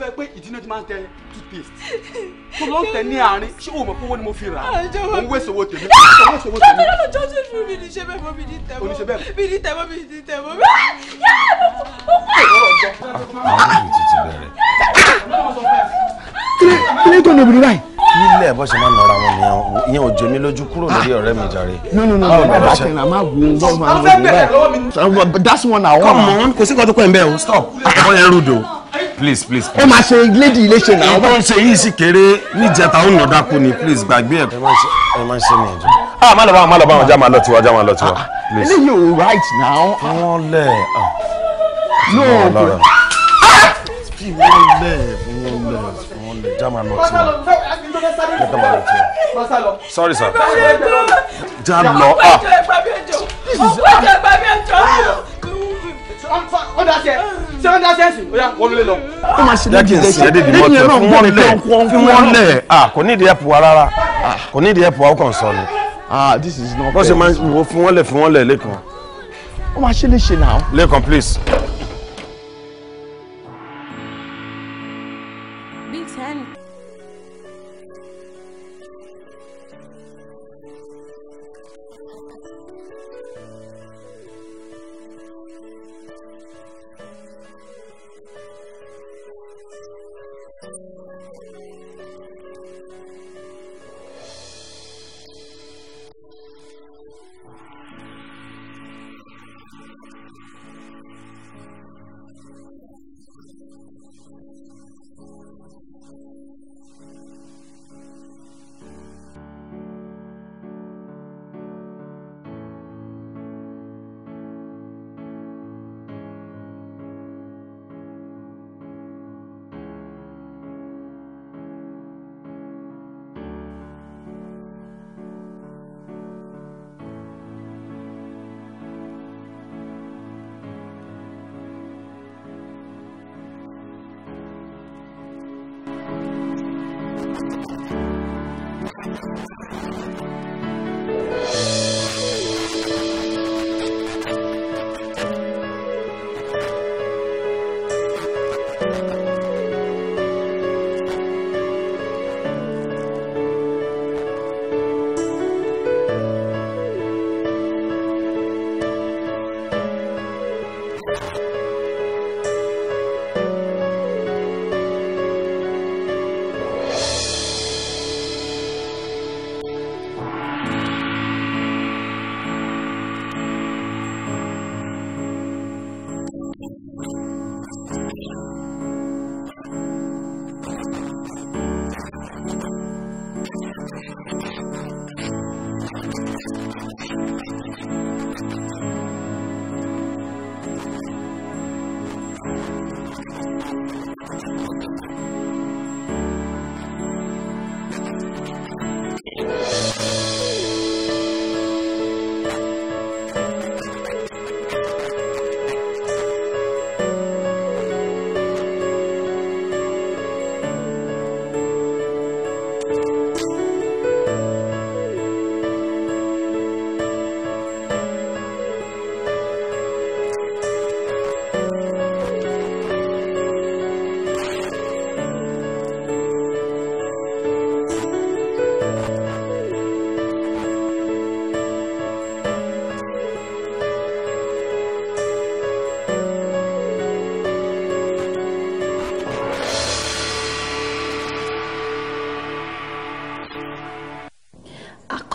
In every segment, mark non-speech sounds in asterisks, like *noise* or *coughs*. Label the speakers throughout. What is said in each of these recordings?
Speaker 1: fẹ́ pé ìdíná ti máa ń tẹ toothpaste tó ló tẹ ní àárín ṣé o mọ̀ pé owó ni mo fi rà á òun wé sowó tèmi òun ah! wé sowó tèmi. jọ́jọ́ lọ́jọ́ mi ní ṣe bẹ́ẹ̀ mọ́ mi ní tẹ̀mọ́ mi ní tẹ̀mọ́ mi ní tẹ̀mọ́ mi. kílé tó ń obìnrin báyìí.
Speaker 2: ilé ẹ̀ bọ́ ṣe máa ń nọra wọn nìyẹn ìyẹn òjò mi lójú kúrò lórí ọ̀rẹ́ mi jàre. no no no bàbá tẹ̀lé àmà wo wọ́n máa ń wọ́n báyìí. that's one hour. come on kò sí kọ́ ẹ̀ ń bẹ́ẹ̀ o stop. ọ̀pọ̀ yẹn rúdo please please. ó máa ṣe lady iléṣẹ náà. èyí tó ń ṣe yìí sì kéré níjẹta ó nà dákú ni please gbàgbé ẹ. ẹ máa ṣe mi ẹjọ. a má lọ bá wọn má lọ bá wọn já máa lọ tiwa já máa lọ tiwa. Ah, ah, eléyìí ò right now. wọ́n lẹ̀ ah. no kò kí wọ́n lẹ̀ wọ́n lẹ̀ wọ́n lẹ̀ já máa lọ tí wọ́n já lọ tí wọ́n. sorry sir. já
Speaker 1: lọ ọ̀pọ̀
Speaker 3: ìjọ ìgbà mi ẹjọ́. ọ̀dà
Speaker 4: seven hundred cents ó yá wọlé lọ. ó
Speaker 2: máa ṣe lẹ́kì ń sìn ẹ́dẹ́dì mọ́tò fún wọn lẹ̀ fún wọn lẹ̀ kò ní ìdí ẹ̀pù wa rárá kò ní ìdí ẹ̀pù wa ó kàn sọ ni. bọ́sẹ̀ máa ń fún wọn lẹ̀ fún wọn lẹ̀ lẹ́kan. ó máa ṣe léṣe náà. lẹ́kan please.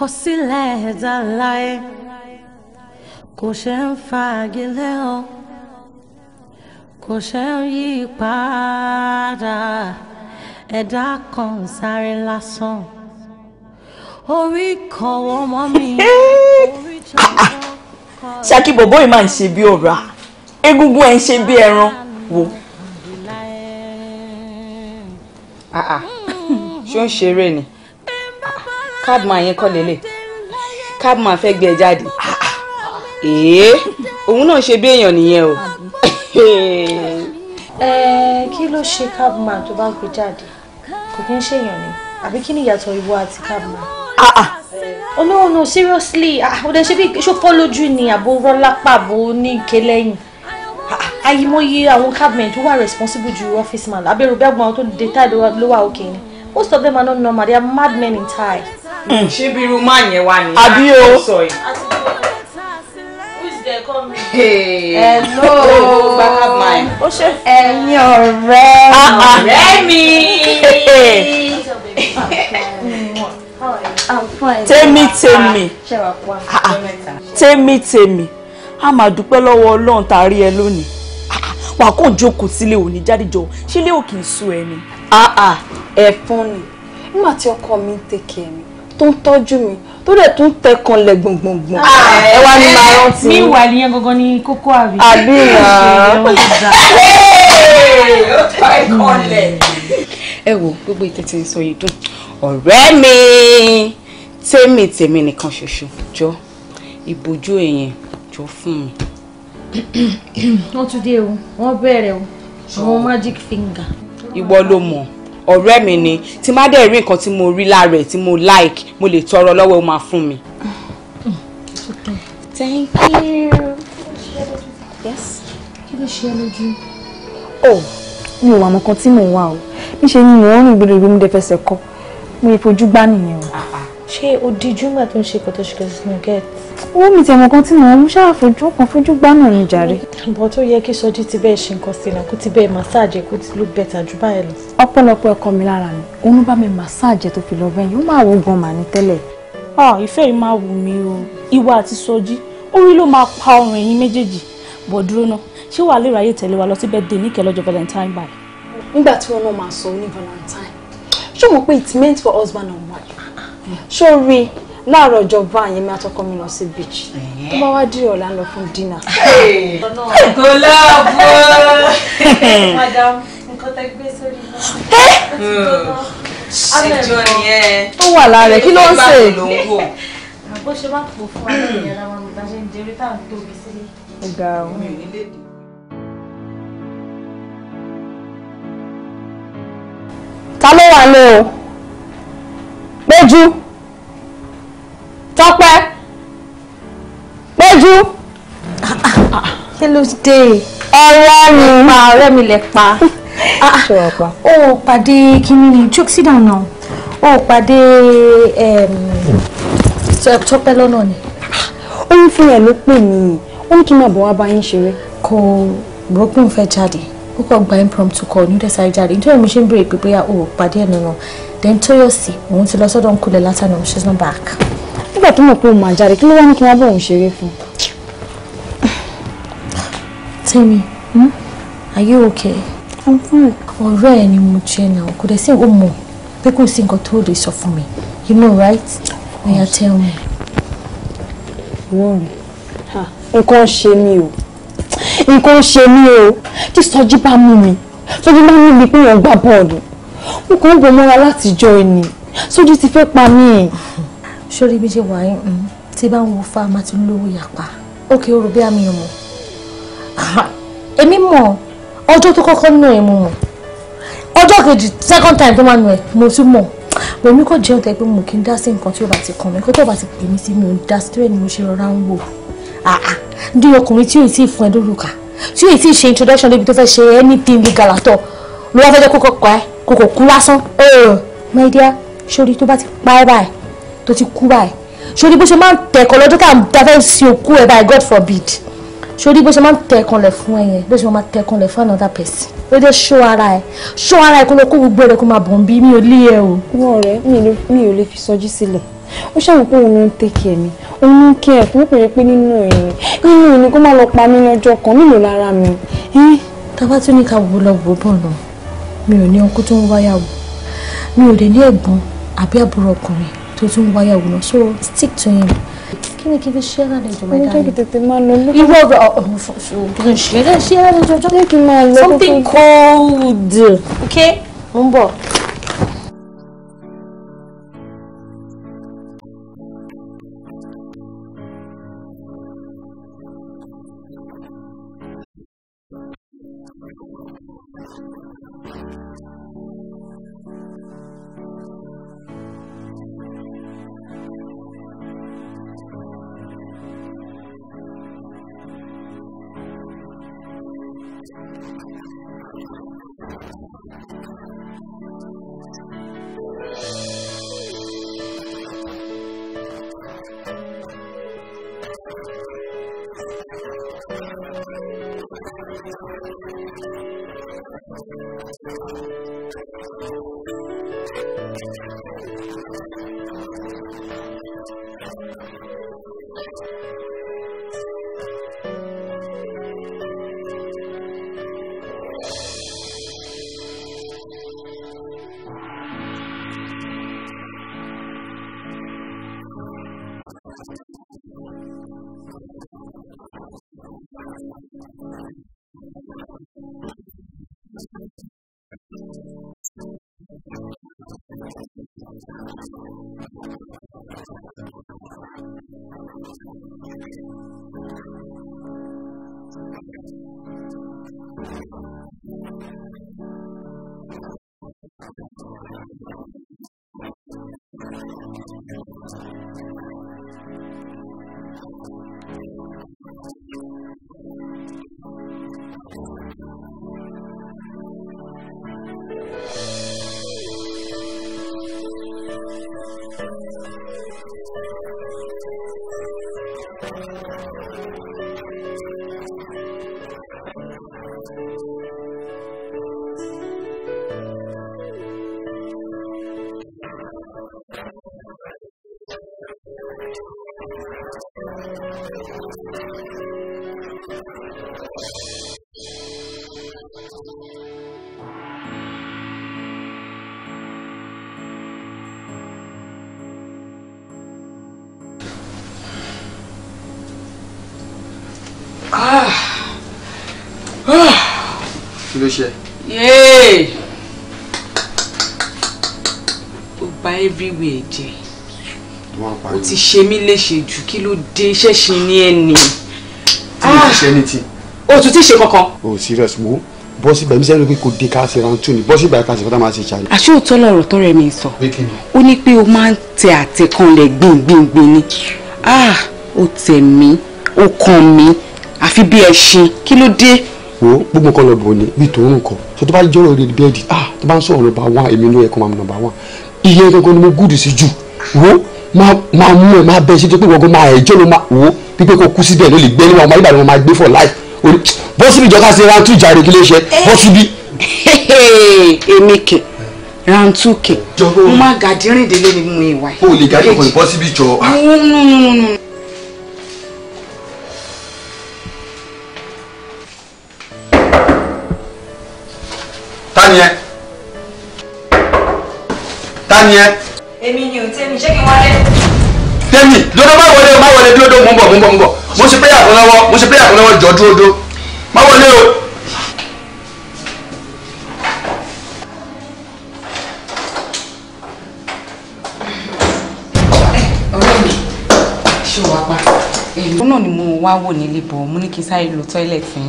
Speaker 4: kò sílẹ̀ ẹ̀dá láyé kò ṣe ń fagilé o kò ṣe ń yí padà ẹ̀dá kan sáré lásán
Speaker 3: orí kan wọ́n mi *laughs* orí jọ kọ́. ṣáàkì bòbó yìí máa ń ṣe bí ọ̀rá egungun ẹ̀ ń ṣe ah, ah. *laughs* ṣé ń ṣeré ni cabman yẹn kọ́ lélẹ̀ cabman fẹ́ gbé ẹ jáde ee òun náà ṣe bí èèyàn nìyẹn o.
Speaker 5: kí ló ṣe cabman tó bá gbé jáde kò kí ń ṣèyàn ni àbí kí ni ìyàtọ̀ ìwọ àti cabman. Ah, ah. oh no no seriously Ah, dẹ̀ ṣe bí ṣó fọ́ lójú ni àbò rọ́lápá àbò ní ike lẹ́yìn ah, àyìmọye àwọn cabmen tó wà responsible ju office man abẹ́rù bẹ́ẹ̀ gbọ́n àwọn tó dé táì ló òkè ni most of them are not normal they are mad men in tie. She
Speaker 3: hmm. be irú máa yẹn wá nìyẹn àbí o sọ yìí.
Speaker 5: Hello, ó
Speaker 6: oh, ṣe oh, ẹ̀yin ọ̀rẹ́ ọ̀rẹ́
Speaker 5: Tell ah, ah. me, tell me. Ah,
Speaker 3: tèmi a máa dúpẹ́ lọ́wọ́ Ọlọ́run tá a rí ẹ lónìí wà kó jókòó sílé òní jádìjọ sílé ò kì í sú ẹni. ẹ̀fọn ni
Speaker 5: nígbà tí ọkọ mi ń tẹ̀kẹ́ mi
Speaker 3: tó ń tọ́jú mi tó dẹ̀ tún tẹkan lẹ̀ gbọ̀ngbọ̀ngbọ̀n ah, ẹ wá ní máa rántí. mi wà ní yẹn gangan ní kókó àbí. àbí ah. ẹ wo gbogbo ìtẹ̀tẹ̀ sọ yìí dùn ọ̀rẹ́ mi tèmi tèmi nìkan ṣoṣo jọ ìbòjú èèyàn jọ fún mi.
Speaker 5: wọ́n tún dé o wọ́n bẹ̀rẹ̀ o àwọn magic finger.
Speaker 3: ìwọ ló mọ̀ ọ̀rẹ́ mi ni tí má dẹ̀ rí nǹkan tí mo rí lára tí mo like mo lè tọrọ lọ́wọ́ ó máa fún mi.
Speaker 6: thank you.
Speaker 5: yes. kí ló ṣe ẹ́ lójú.
Speaker 3: oh mi ò wà mọ́ kan tí mò ń wà o níṣẹ́ ni mò ń rìn gbèrègbè mi dẹ̀ fẹsẹ̀ kọ mo yẹ fojú gbá nìyẹn
Speaker 5: o. Ah, ah ṣé o díjú mà tó ń ṣe kòtò ṣìkò sínú gẹ̀ẹ́t. owó mi tẹ̀mọ̀ kan tí mò ń mú ṣáàfojú kan fojú gbá náà ni jàre. bọ́ tó yẹ kí sọjí ti bẹ́ẹ̀ ṣe nǹkan sí náà kó ti bẹ́ẹ̀ màsáàjì kó ti ló bẹ̀tà jù báyìí lọ.
Speaker 3: ọ̀pọ̀lọpọ̀ ẹ̀kọ́ mi lára ni òun bá mi màsáàjì tó fi lọ bẹ́yìn ó máa wo gan mà ní tẹ́lẹ̀. Ah, ìfẹ́ yìí máa wù mí o ìwà àti sọjí orí ló máa pa ọrùn ẹ̀yin méjèèjì bọ̀ dúró náà ṣé wàá lè ráyè tẹ̀lé wa lọ sí bẹ́ẹ̀ dé níkẹ́ lọ́jọ́ valentine báyìí. nígbà tí wọn náà máa sọ ní valentine meant for husband and wife sórí láàárọ̀ ọjọ́bọ̀ àyè mi àtọkọ mi lọ sí beach tó bá wá dí ọ̀la lọ fún dinner.
Speaker 5: gọlọ́ọ̀bù *laughs* madam nǹkan tẹ gbé sórí náà. Hmm. ṣèjọ nìyẹn ó wà lára kí ló ń ṣe. bó ṣe má pò fún wa lórí ẹ̀rọ àwọn olùgbà ń jẹrí tá à ń tóbi sílé.
Speaker 3: ọ̀gá òun ta ló wà ní o. Péjú
Speaker 5: Tọ́pẹ́ Péjú. kí ló dé. ọ̀rẹ́ mi pa ọ̀rẹ́ mi lè ah, ah, pa. o pàdé kínní ni jókè sí down now o pàdé Tọ́pẹ́ lọ́nà ni. ó ń fún ẹ ló pè mí ó ní kí n máa bọ̀ wá bá yín ṣeré. kò rọ́pò ń fẹ́ jáde ó kọ́ gba impromptu call ní dẹ́sà ìjáde nítorí mo ṣe ń béèrè pé bóyá o ò pàdé ẹ̀ nínú then Tóyọ̀sí òun ti lọ sọ́dọ̀ ń kulẹ̀ látàná she's not back. nígbà tó mọ̀ pé òun máa jáde kí ló wá ní kí wọ́n bá òun ṣeré fún. Tẹ́mi hmm? are you okay? I'm fine. ọ̀rẹ́ ẹ̀ ni mo jẹ́ náà kò dẹ̀ sí ìwọ mọ̀ pé kò sí nǹkan tó lè sọ fún mi you know right? oya oh, tell me. wọ́n rẹ̀ nǹkan ṣe mi o nǹkan ṣe mí o tí sọjí bá mú mi sọjí bá mú mi pé èèyàn gbá
Speaker 3: bọ́ọ̀lù mo kàn ń bọ̀ mọ́ra látijọ́ ẹni sọjí ti fẹ́ pa mí.
Speaker 5: sórí bí ṣe wà yín mm, tí bá ń wo fáamá tí lówó yàpá ó kì í rò bí àmì ìmọ̀ èmi mọ̀ ọjọ́ tó kọ́kọ́ nù ẹ̀ mo mọ̀ ọjọ́ kejì second time tó máa nù ẹ̀ mo tún mọ̀ pẹ̀lú kò jẹun tẹ́ pé mo kì í dá sí nǹkan tí ó bá ti kàn mí kó tó bá ti pè mí sí mi ò dá sí tó ẹ̀ ni mo ṣe rọra ń wò dí ọkùnrin tí ò tí ì fún ẹ lórúkà tí ò tí ì ṣe introduction débi tó fẹ́ ṣe anything legal at all ló wá fẹ́ jẹ́ kókó pa ẹ́ kókó kú lásán my dear sori tó bá ti pa ẹ́ báyìí tó ti kú báyìí sori bó ṣe máa ń tẹ̀kọ́ lọ́dún tá a fẹ́ sin òkú ẹ̀ báyìí God forbid sori bó ṣe máa ń tẹ̀kànlẹ̀ fún ẹ̀yẹn bó ṣe máa tẹ̀kànlẹ̀ fún another person ó dé ṣó ara ẹ̀ ṣó ara ẹ̀ kó lọ kó gbogbo rẹ̀ kó máa bọ̀ ń bí mi ò lé ẹ o. wọn ọ̀rẹ́ mi ò lè fi sọjí sílẹ̀
Speaker 3: ó ṣàwọn pé òun ló ń tẹ́kẹ̀ mi òun ló ń kẹ́ ẹ̀ kó pèrè pé nínú ẹ̀yìn nínú ẹ̀yìn kó má lọ pa mí
Speaker 5: lọ́jọ́ kan nílò lára mi. tábà tún ní ká wo lọ wò bọ̀ lọ mi ò ní ọkọ tó ń wáyàwó mi ò dé ní ẹ̀gbọ́n àbí àbúrò ọkùnrin tó tún ń wáyàwó lọ so stick to him kí ni kí fi ṣe lálejò máa dáa ní. irú ọ̀rọ̀
Speaker 6: ọ̀hún
Speaker 5: ṣe ṣe lálejò ọjọ́ something cold okay
Speaker 6: mo ń bọ̀.
Speaker 1: ló ṣe.
Speaker 3: ó bà everywhere jẹ́ ó ti ṣe mí léṣe jù kí ló dé iṣẹ́ ṣe ní ẹni. tí mo ti ṣe ní ti. Ah! o tún ti ṣe kankan.
Speaker 1: o serious mo bọ́ síbẹ̀ mi sẹ́nu pé kò dé ká ṣe ra tún ní bọ́ síbẹ̀ ká
Speaker 3: ṣe fọ́tà máa ṣe ṣàlẹ̀. àṣé òótọ́ lọ̀rọ̀ tó rẹ̀ mi sọ ó ní pé o máa ń tẹ àtẹ̀kànlẹ̀ gbìngbìngbìn ni ó ah! tẹ̀ mí ó kàn mí àfi bí
Speaker 1: ẹṣin kí ló dé wo gbogbo nǹkan lọ́dọ̀ ni bíi tòun nǹkan tó tó bá jọ̀rọ̀ lórí bẹ́ẹ̀dì ah tó bá ń sọ̀rọ̀ nọ́mbà wán èmi ló yẹ kó máa mú nọ́mbà wán ìyẹn gangan ni mo gùdù sí jù wo máa mú ẹ máa bẹ ṣe tó pé gbogbo máa ẹjọ́ ló máa wo pípé kó kú síbẹ̀ ló lè gbé níwọ̀n ọmọ ìbàdàn máa gbé for life bọ́sù bí jọka ṣe rántú ìjàre kí ló ṣe bọ́sù bí. èmi kì rántú kì mo máa
Speaker 3: gàdírìndínlé ìwà
Speaker 6: yìí.
Speaker 1: dúró dó mú bọ̀ mú bọ̀ mú bọ̀ mo ṣe péyà fún lọ́wọ́ mo ṣe péyà fún lọ́wọ́ jọ dúró
Speaker 6: má wọlé o.
Speaker 3: òun ni mo wá wò nílé bọ̀ mo ní kí n sáré lọ tọ́ílẹ̀tì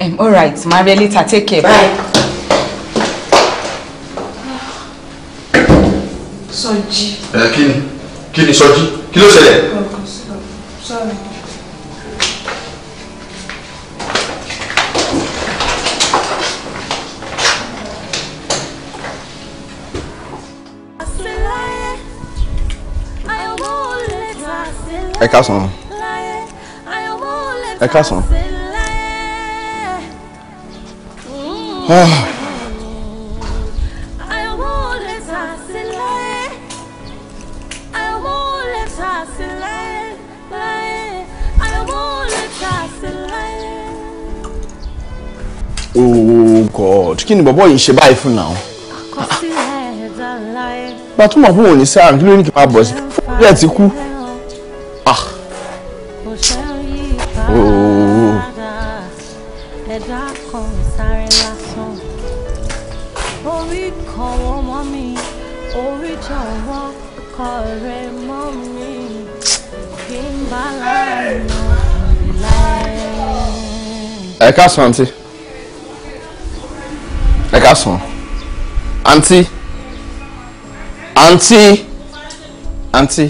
Speaker 3: yẹn all right máa rẹ later take care bye. Sọjí. ẹ kí ni kí ni Sọjí kí ló ṣẹlẹ̀. Sorry.
Speaker 1: ẹ káàsán ẹ Ah. kí ni bọ̀bọ̀ yìí ṣe báyìí fún náà. gba tó mọ̀ fún òní sáà kí ló ní kí n máa bọ̀ sí fún ìdí ti kú.
Speaker 6: Ah.
Speaker 4: Oh.
Speaker 6: ẹ̀dá
Speaker 1: kan dásán àǹtí àǹtí àǹtí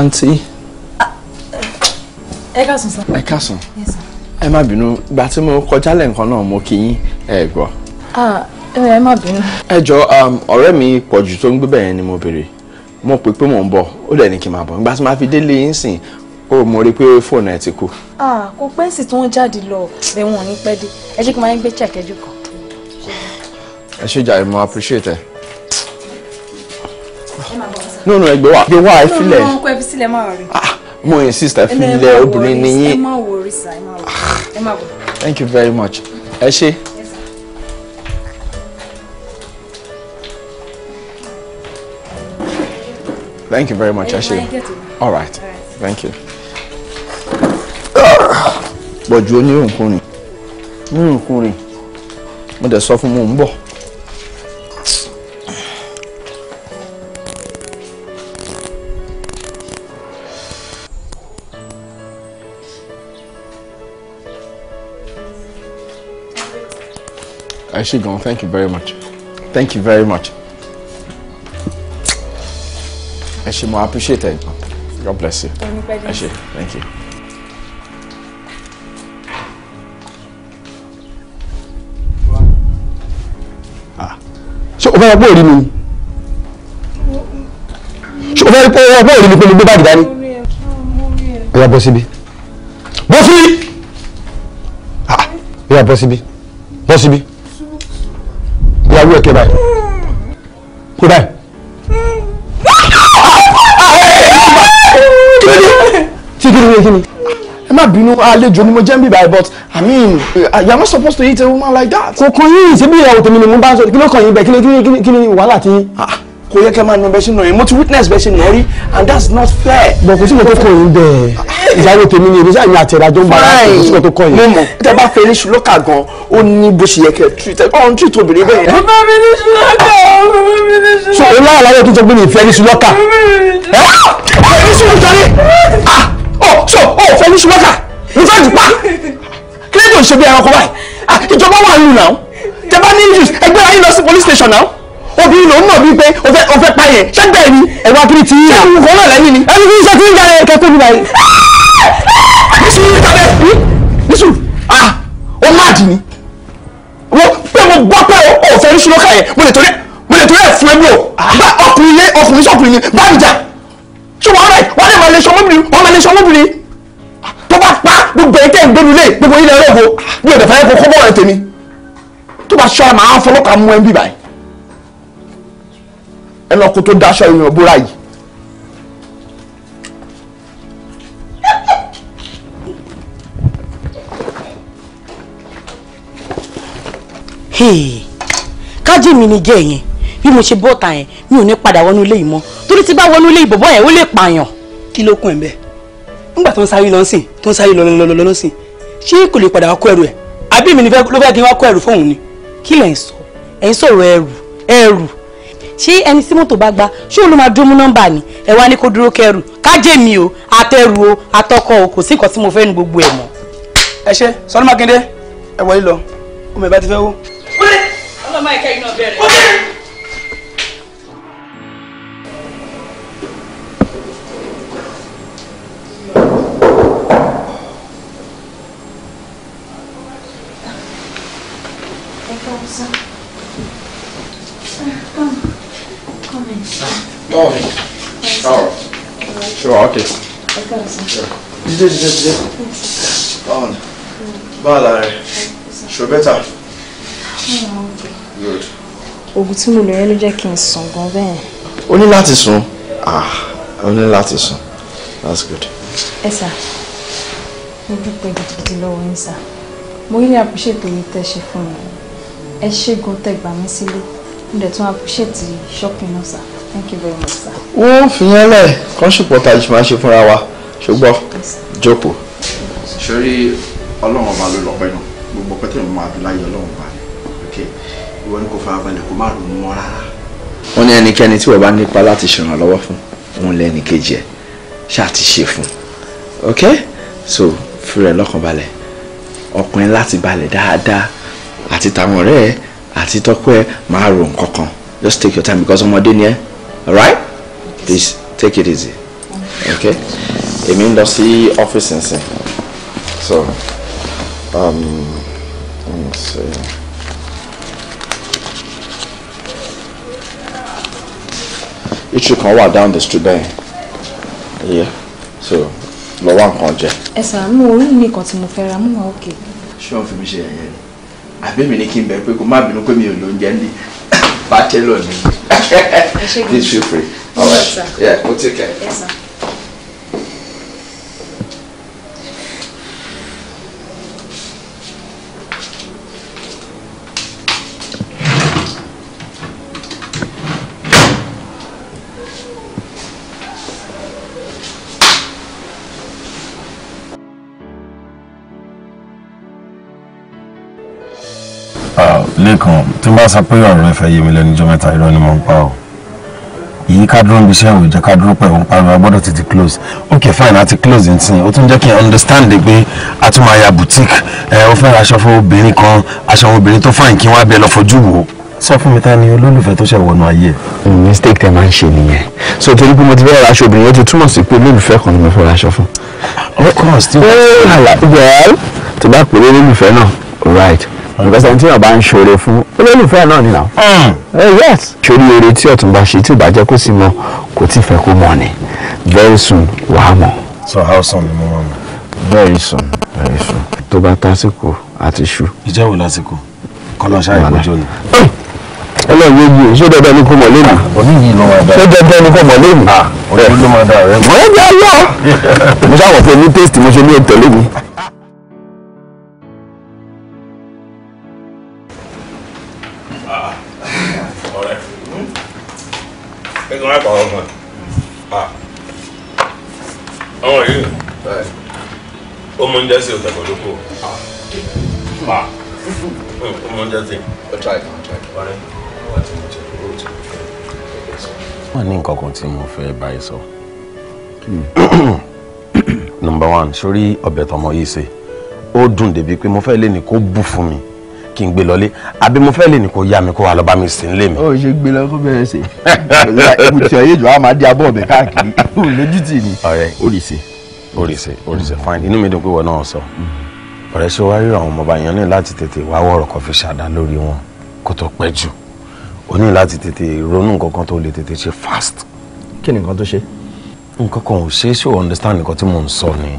Speaker 1: àǹtí.
Speaker 3: ẹ káàsán sá. ẹ
Speaker 1: káàsán. ẹ má bínú ìgbà tí mo kọjá lẹ́ǹkan náà mo kí yín ẹ gbọ́. ẹ má bínú. ẹ jọ um, ọ̀rẹ́ mi pọ̀jù tó ń gbé bẹ́ẹ̀ ni mo béèrè mo pè pé mò ń bọ̀ ó dẹ̀ ní kí n máa bọ̀ nígbà tí màá fi délé yín sìn o mọ̀ rí pé fóònù ẹ ti kú.
Speaker 3: kò pẹ́ sì tún jáde lọ ẹ̀wọ̀n ní pẹ́ dé ẹ jẹ́ kí n máa ń gbé chẹ̀kẹ́jú kan.
Speaker 1: ẹ ṣe jàre mo appreciate ẹ. no no ẹgbẹ́ wa ẹgbẹ́ wa ẹ filẹ̀. no no
Speaker 3: ọkọ ẹ fi sílẹ̀ máa ah, rí.
Speaker 1: mo insist ẹ filẹ̀ obìnrin ni yín. ẹ má
Speaker 3: wo orisa ah. ẹ má wo ẹ má bọ̀.
Speaker 1: thank you very much ẹ ṣe. Thank you very much, Ashley. All right. All right. Thank you pọ̀jù onírùnkùnrin onírùnkùnrin mo dẹ̀ sọ fún mo ń bọ̀. I Thank you very much. Thank you very much. I should appreciate it. God bless you. I Thank you.
Speaker 7: fẹ́ ọgbọ́n òrí mi ni ṣé o fẹ́ ọgbọ́n òrí mi pé mo gbé báàgì dání
Speaker 2: ó yá bọ́ síbi bọ́ síbi ah, ó yá bọ́ síbi bọ́ síbi ìyàwó ẹ̀kẹ́ báyìí.
Speaker 8: bínú
Speaker 1: àlejò ni mo jẹ́ ń bì but i mean you are not supposed to eat a woman like that. kò kàn yín ìṣẹ́bí ìyàwó tèmi ni mo bá ń sọ kí ló kàn yín bẹ́ẹ̀ kí ni kí ni wàhálà ti yín ah, kò yẹ kẹ́ máa nu bẹ́sẹ̀ náà mo ti witness bẹ́sẹ̀ náà rí and that's not fair. bọ̀ kò sí nǹkan tó kọ yín bẹ́ẹ̀ ìyáwó tèmi ni èmísà mi àti ìrajọ ń bára kò sí nǹkan tó kọ yín. mo mọ tẹ bá fẹ́ iléṣu lọ́kà gan ó ní bó ṣe yẹ kẹ́ treat ọ̀hún treat obìnrin bẹ́ẹ̀. mo
Speaker 6: fẹ́ mi iléṣu lọ́kà mo fẹ́ mi iléṣu lọ́kà. sọ èlò àlàyé tó tó gbé ní ìfẹ́ iléṣu lọ́kà. ẹ ẹ iléṣu lọ́kà ni ọ sọ ọ fẹ́ iléṣu
Speaker 3: ǹjẹ́ ti pa kí ló ń ṣe bí ẹranko báyìí ìjọba wà lù náà jẹba ní
Speaker 1: news ẹgbẹ́ ayé lọ sí police station náà obìnrin lòún náà bíi pé o fẹ́ o fẹ́ pa yẹn ṣẹ́gbẹ́ ẹni ẹ̀wọ̀n akiri
Speaker 6: ti yíyà ṣé ìwúkọ́ náà lẹ́yìn ni ẹni kí n ṣe ti ń jáde kẹ́kọ̀ọ́ bí báyìí. nísù tàbí nísù ah o máa dì ní wọ́n pé mo gbọ́ pé
Speaker 1: o fẹ́ ní ṣùlọ́kà yẹn mo lè torí mo lè torí ẹ̀ fún ẹbí o bá ọkùnrin lé ọkùnrin sọkùnrin ni bá mi jà ṣùgbọ́n ọ̀rẹ́ wọ́n lè máa lè ṣọmọ́bìnrin wọ́n máa lè ṣọmọ́bìnrin tó bá pa gbogbo ẹ̀yin tẹ́ ń gbénu lé gbogbo yín lẹ́rọ̀ wo mi ò dẹ̀ fẹ́ kó kó bọ́ọ̀rẹ́ tèmi tó bá ṣọ́ra màá fọlọ́pàá mú ẹ bí báyìí ẹ lọ́kọ tó daṣọ ìrìn òbúra
Speaker 3: yìí. kájí mi ni jẹ́ yẹn bí mo ṣe bọ́ta yẹn mi ò ní padà wọnú ilé yìí mọ́ torí tí bá wọnú ilé ìbọ̀bọ̀ yẹn ó lè pààyàn. kí ló kún ẹ̀ bẹ́ẹ̀ nígbà tó ń sáré lọ sìn tó ń sáré lọ lọ lọ sìn ṣé kò lè padà wá kó ẹrù ẹ àbí èmi ló fẹ́ kí n wá kó ẹrù fóun ni kí lẹ̀ ń sọ ẹ̀ ń sọ̀rọ̀ ẹrù ẹrù ṣé ẹni tí mọ́tò bá gba ṣé olú máa dúró mú nọ́mbà ni ẹ wá ní kó dúró kẹrù kájé mi o àtẹrù o àtọkọ o kò sí nǹkan tí mo fẹ́ nu gbogbo ẹ̀ mọ́. ẹ ṣe sọlá mákindé ẹ wọlé lọ ọmọ ẹ bá ti fẹ́ wó. wọlé ọlọ́mọ ẹ̀ka iná bẹ̀rẹ̀.
Speaker 1: ṣe wà ókè. jíjẹ jíjẹ jíjẹ báwo ni báwo la rẹ ṣe o bẹ́tà.
Speaker 3: oògùn tí mo lò yẹn ló jẹ́ kí n sùn gan bẹ́ẹ̀.
Speaker 1: o ní láti sùn ah o ní láti sùn that's good.
Speaker 3: ẹ sà mo dúpẹ́ gidigidi lọ́wọ́ yín sà mo really appreciate èyí tẹ́ ṣe fún mi ẹ ṣẹ́gun tẹ́ gbà mí sílé mo dẹ̀ tún appreciate shopping náà sà. Thank you very much, sir.
Speaker 6: Ó
Speaker 1: fi yẹn lẹ̀ kán ṣùpọ̀ tá a máa ṣe fúnra wa ṣùgbọ́n jókòó. Ṣorí Ọlọ́run ọba ló lọ́pẹ́ náà gbogbo pẹ́tẹ́ mi máa dùn láyé Ọlọ́run ọba ni ìwọ ni kò farabalẹ̀ kó má ronú mọ́ rárá. Wọ́n ní ẹnikẹ́ni tí wọ́n bá nípa láti ṣèrànlọ́wọ́ fún òun lẹ́ni kejì ẹ̀ ṣáà ti ṣe fún ok so fúrẹ̀ lọ́kàn balẹ̀ ọkùnrin láti balẹ̀ dáadáa àti tàwọn ọ̀rẹ́ ẹ̀ àti tọ́kọ ẹ̀ máa rò nǹkan kan just take your time because ọmọdé ni ẹ́ alright please take it easy okay èmi ń lọ sí ọ́fíìsì nsìn so um, let me see. issue kan wà down the street bẹ́ẹ̀ yeah so lọ wá nǹkan jẹ.
Speaker 3: ẹ sà mú orí mi kan tí mo fẹ́ ra mú wa òkè.
Speaker 1: ṣé wọn fi mi ṣe ẹyẹ ni àbí mi ní kí n bẹ pé kó má bínú pé mi ò lóúnjẹ ń di bachelor ni please feel free all right yeah we'll take care. Yes, sir.
Speaker 2: kan tí n bá sọ pé ọ̀rọ̀ ẹ fẹ́ yé mi lẹ́nu ọjọ́ mẹ́ta irọ́ ni mo ń pa ọ́ yìí ká dúró ibiṣẹ́ ò jẹ́ ká dúró pẹ̀ ń pariwo a ti tètè close ok fine àti close ní sìn ó tún jẹ́ kí n understand pé a tún máa ya boutique ẹ ó fẹ́ aṣọ fún obìnrin kan aṣọ obìnrin tó fine kí wọ́n á bẹ lọ fojú wò ó sọ fún mi ta ni olólùfẹ́ tó ṣe wọnú ayé mistake tẹ máa ń ṣe nìyẹn so torí pé mo
Speaker 1: ti fẹ́ raṣọ obìnrin yẹn ti túmọ̀ sí pé olólùfẹ́ kan ni mo fẹ́ raṣọ fún. of course tí. well tó bá pè é olólùfẹ́ náà right because ẹni tí yàn bá ń ṣoore fún olólùfẹ́ náà nìyà. Hmm. Eh, yes. sori oore tí ọ̀tún bá ṣe tí ò bá jẹ́ kó sì mọ kò tí fẹ́ kó mọ̀ ni very soon wàá mọ̀.
Speaker 2: so how soon ni mo máa
Speaker 1: mọ̀. very soon very soon. tó bá tásìkò àti ṣu.
Speaker 2: ìjẹ́ wo lásìkò kọ́lọ́ ṣáà ìbójú ni. ọlọ́run yóò gbé e. ṣé dandan ni kò mọ̀ lónìí. òní ah, yìí ló máa dá ṣé dandan ni kò mọ̀ lónìí.
Speaker 6: òní ah, ló máa dá rẹ. *laughs* mo ń jẹ́ lọ. mo ṣàwọ̀ pé ní taste mo ṣe ní ètò lónìí.
Speaker 2: ẹ hmm. sọ. *coughs* number one sórí ọbẹ̀ tọmọ yìí ṣe ó dùn débi pé mo fẹ́ lé ní kó bù fún mi kí n gbé lọlé àbí mo fẹ́ lè ní kó yá mi kó wà lọ bá mi sìn lé mi.
Speaker 1: ó ṣe gbé lọ kó bẹ̀rẹ̀ ṣe
Speaker 2: ewu tí ọyẹ jù á máa di abọ́ ọ̀bẹ káàkiri lójú tì ní. ọ̀rẹ́ oríṣi oríṣi oríṣi fine inú mi dùn pé ìwọ náà sọ ọ̀rẹ́ ṣé wàá rí àwọn ọmọ bàyàn ní láti tètè wá wọ̀rọ̀ kan fi ṣàdá lórí wọn kó tó pẹ́ jù o ní láti tètè ronú nǹkan kan tó lè tètè ṣe fast kí ni nǹkan tó ṣe. nǹkan kan ò ṣeé ṣe ò understand nǹkan tí mò ń sọ ni